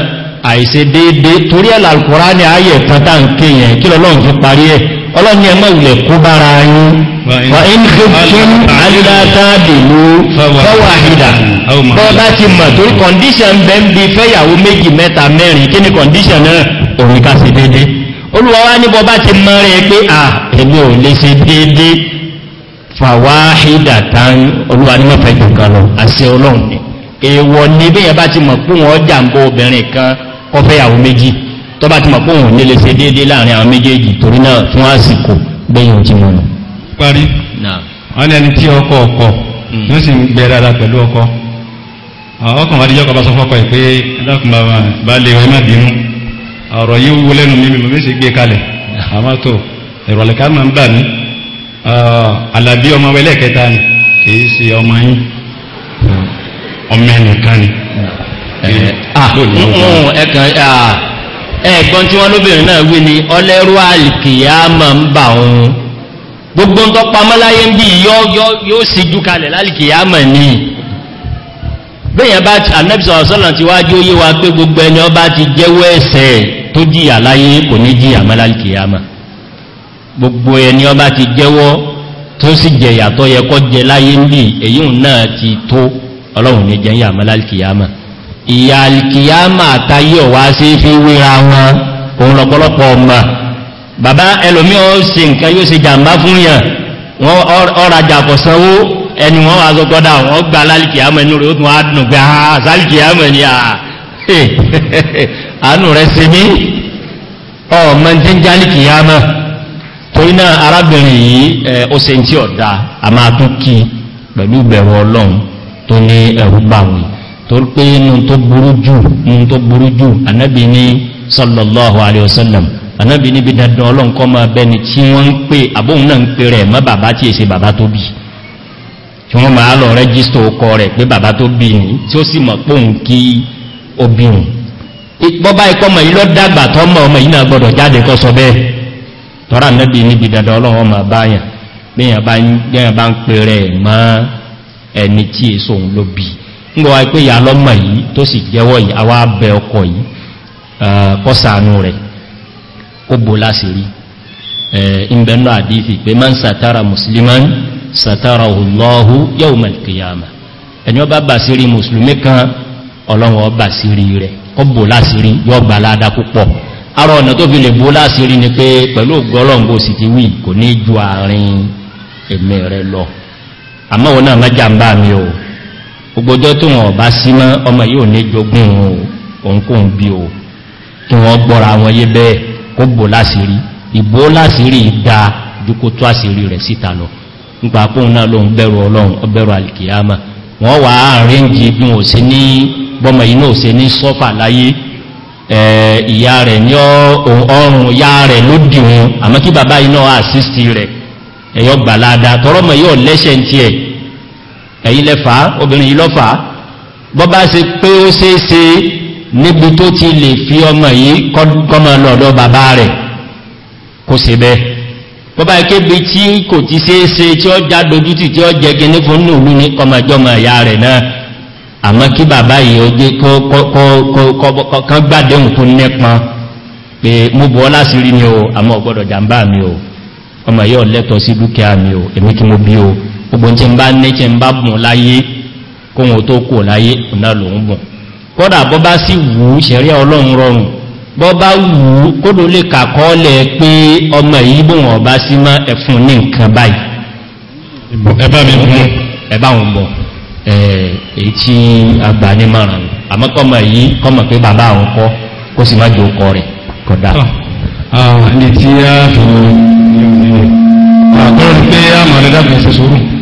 àìṣe déédéé torí ẹ̀là alkùnrá ní ayẹ̀ tán tá ń ké yẹn kí lọ́lọ́run fi parí ẹ̀ ọlọ́ni ẹ̀mọ́ ìlẹ̀ kó bára yín wà ń fi fún alátàdìlú fẹ́wàhídà bọ́ bá ti mọ̀ tó kọ̀ndíṣàn bẹ́ ń bi fẹ́yàwó méjì mẹ́ta mẹ́rin kí ni kọ̀ndíṣàn náà òun ká ṣe dédé olùwà wá ní bọ́ bá ti mọ̀ rẹ̀ pé à èmi ò lè ṣe dédé fàwáhídà tán olùwà ní mọ̀fẹ́ kankan lọ àṣẹ ọlọ́run ni èèwọ̀ ni bí yẹn bá ti mọ̀ pé wọ́n jàǹbó obìnrin kan kọ́ fẹ́yàwó méjì tó bá ti mọ̀ pé òun lè ṣe déédéé láàrin àwọn méjèèjì torí náà fún àsìkò gbẹ̀yìn òjì mọ̀nà. parí wọn ní ẹni tí ọkọ ọkọ tó sì ń gbẹ dada pẹ̀lú ọkọ ọkàn wa díjọ́ kọ́ bá sọ fọ́kọ yìí pé ẹlẹ́kùn bá lè wẹ́ má bínú ọ̀rọ̀ yìí wúwo lẹ́nu mímu mo méjì gbé kalẹ̀ àmọ́ tó ìrọ̀lẹ́ ká máa ń bà mí alábí ọmọ wẹlẹ́ ni kì í ṣe ọmọ yín ọmọ ẹnìkan ni. ẹ̀ẹ́dẹ́gbẹ̀rún ẹ̀ẹ́dẹ́gbẹ̀rún ẹ̀gbọ́n tí wọ́n lóbìnrin náà wí ni ọlẹ́rú àlìkìyàmà ń bà òun gbogbo ń tọ́ pamọ́láyé ń bí yóò sì jú kalẹ̀ lálìkìyàmà ní bẹ́yàn bá anẹ́bìsọ̀ ọ̀sọ́lọ̀ ti wá jó yé wa pé gbogbo ẹni ọba ti jẹ́wọ́ ẹ̀sẹ̀ tó jìyà láyé kò ní jìyà mọ́ lálìkìyàmà gbogbo ẹni ọba ti jẹ́wọ́ tó sì jẹ̀yà tó yẹ kọ́ jẹ láyé ń bí èyí náà ti tó ọlọ́run ní jẹ́yà mọ́ lálìkìyàmà ìyà alìkìyàmà àtayé ọ̀wá sí fi wíra wọn òun lọ́pọ̀lọpọ̀ ọmọ bàbá ẹlòmí ọ ṣe nǹkan yóò ṣe jàǹbá fún yàn wọn ọ̀rajà kò sanwó ẹni wọn wà sọ gbọ́dá wọn gba alìkìyàmà inú rẹ̀ ó tún wá dùn pé àṣàlìkìyàmà ah, ni ah, àánú rẹ̀ ṣe mí ọmọ tí ń jálìkìyàmà torí náà arábìnrin yìí ó ṣe ń tí ọ̀dà àmà tó pẹ̀lú ìbẹ̀rù ọlọ́run tó ní ẹ̀rú báwọn torí pé inú tó burú jù inú tó burú jù anábì ní sallallahu alayhi wa sallam anábì níbi dandan ọlọ́nkọ́ máa bẹni tí wọ́n ń pè àbóhun náà ń pè rẹ̀ mọ́ bàbá tí èsè bàbá tó bí tí wọ́n máa lọ rẹ́gísítọ̀ ọkọ rẹ̀ pé bàbá tó bí ní tí ó sì mọ̀ póhùn kí obìnrin bọ́bá ikọ́ mọ̀ yìí lọ dàgbà tọ́ mọ̀ ọmọ yìí náà gbọ́dọ̀ jáde kọ́ sọ bẹ́ẹ̀ tọ́rà nẹ́bí níbi dandan ọlọ́wọ́ máa báyàn bí yàn bá ń pè rẹ̀ mọ́ ẹni tí èso òun ló bíi ńgbọ́ wa pé ìyá lọ́mọ yìí tó sì jẹ́wọ́ yìí àwa bẹ ọkọ̀ yìí kọ́sàánú rẹ̀ kó bó láṣìírí ìbẹ̀nà àdífì pé máa ń sàtàrà musulman sàtàrà olóhu yóò mẹ́lìkìyàmà ẹni ọba bà sírí musulmi kan ọlọ́wọ́ bà sírí rẹ̀ kó bó láṣìírí yóò gbà ládá púpọ̀ ara ọ̀nà tó fi lè bó láṣìírí ni pé pẹ̀lú ògbọ́lọ́ngbò sì ti wí kò ní ju àárín ẹ̀mẹ́ rẹ̀ lọ àmọ́ wọn náà má jàmbá mi o gbogbojọ́ tí wọ́n bá sí mọ́ ọmọ yóò ní jogún òǹkóhùn bí o kí wọ́n gbọ́ra wọn yé bẹ́ẹ̀ kó bò láṣìírí ìbò láṣìírí ìdá dúkó tó àṣírí rẹ̀ síta lọ nípa pòun náà lóun bẹ̀rù ọlọ́run ọbẹ̀rù alìkìyàmà wọ́n wà àárín jí bí wọ́n sí ní ẹ̀yìn lẹ́fà obìnrin yìí lọ́fà bọ́ bá ṣe pé ó ṣeéṣe níbi tó ti lè fi ọmọ yìí kọ́mọ lọ́dọ̀ bàbá rẹ̀ kò sì bẹ́ bọ́ bá kébi tí kò ti ṣeéṣe tí ó já dojútì tí ó jẹ gẹ́ni fún nùlú ní kọmọjọmọ ìyá rẹ̀ náà àmọ́ kí bàbá yìí ó mo bọ́ lásìrí ni o àmọ́ ọ̀gbọ́dọ̀ jàǹbá mi o ọmọ yóò lẹ́tọ̀ọ́ sí dúkìá mi o èmi tí mo bí o gbogbo tí ń bá ní tí ń bá bùn láyé kóhun tó kò láyé ọ̀nà lòun bùn kọ́dà bọ́ bá sì wù ú ṣẹ̀rí ọlọ́run rọrùn bọ́ bá wù ú kódò lè kàkọ́ọ́lẹ̀ pé ọmọ yìí bùn ọ̀bá sí mọ́ ẹ̀fún ní nǹkan báyìí ẹ̀bá mi mú ẹ̀bá òun bọ̀ èyí tí àgbà ní márùn àmọ́ kọ́mọ yìí kọ́mọ pé bàbá àwọn kọ́ kó sì má jò kọ rẹ̀ kọ̀dà. Ah, ah, ẹni tí a fi àkọ́rọ̀ pé a mọ̀ lẹ́dàgbẹ̀ẹ́sẹ̀ sórùn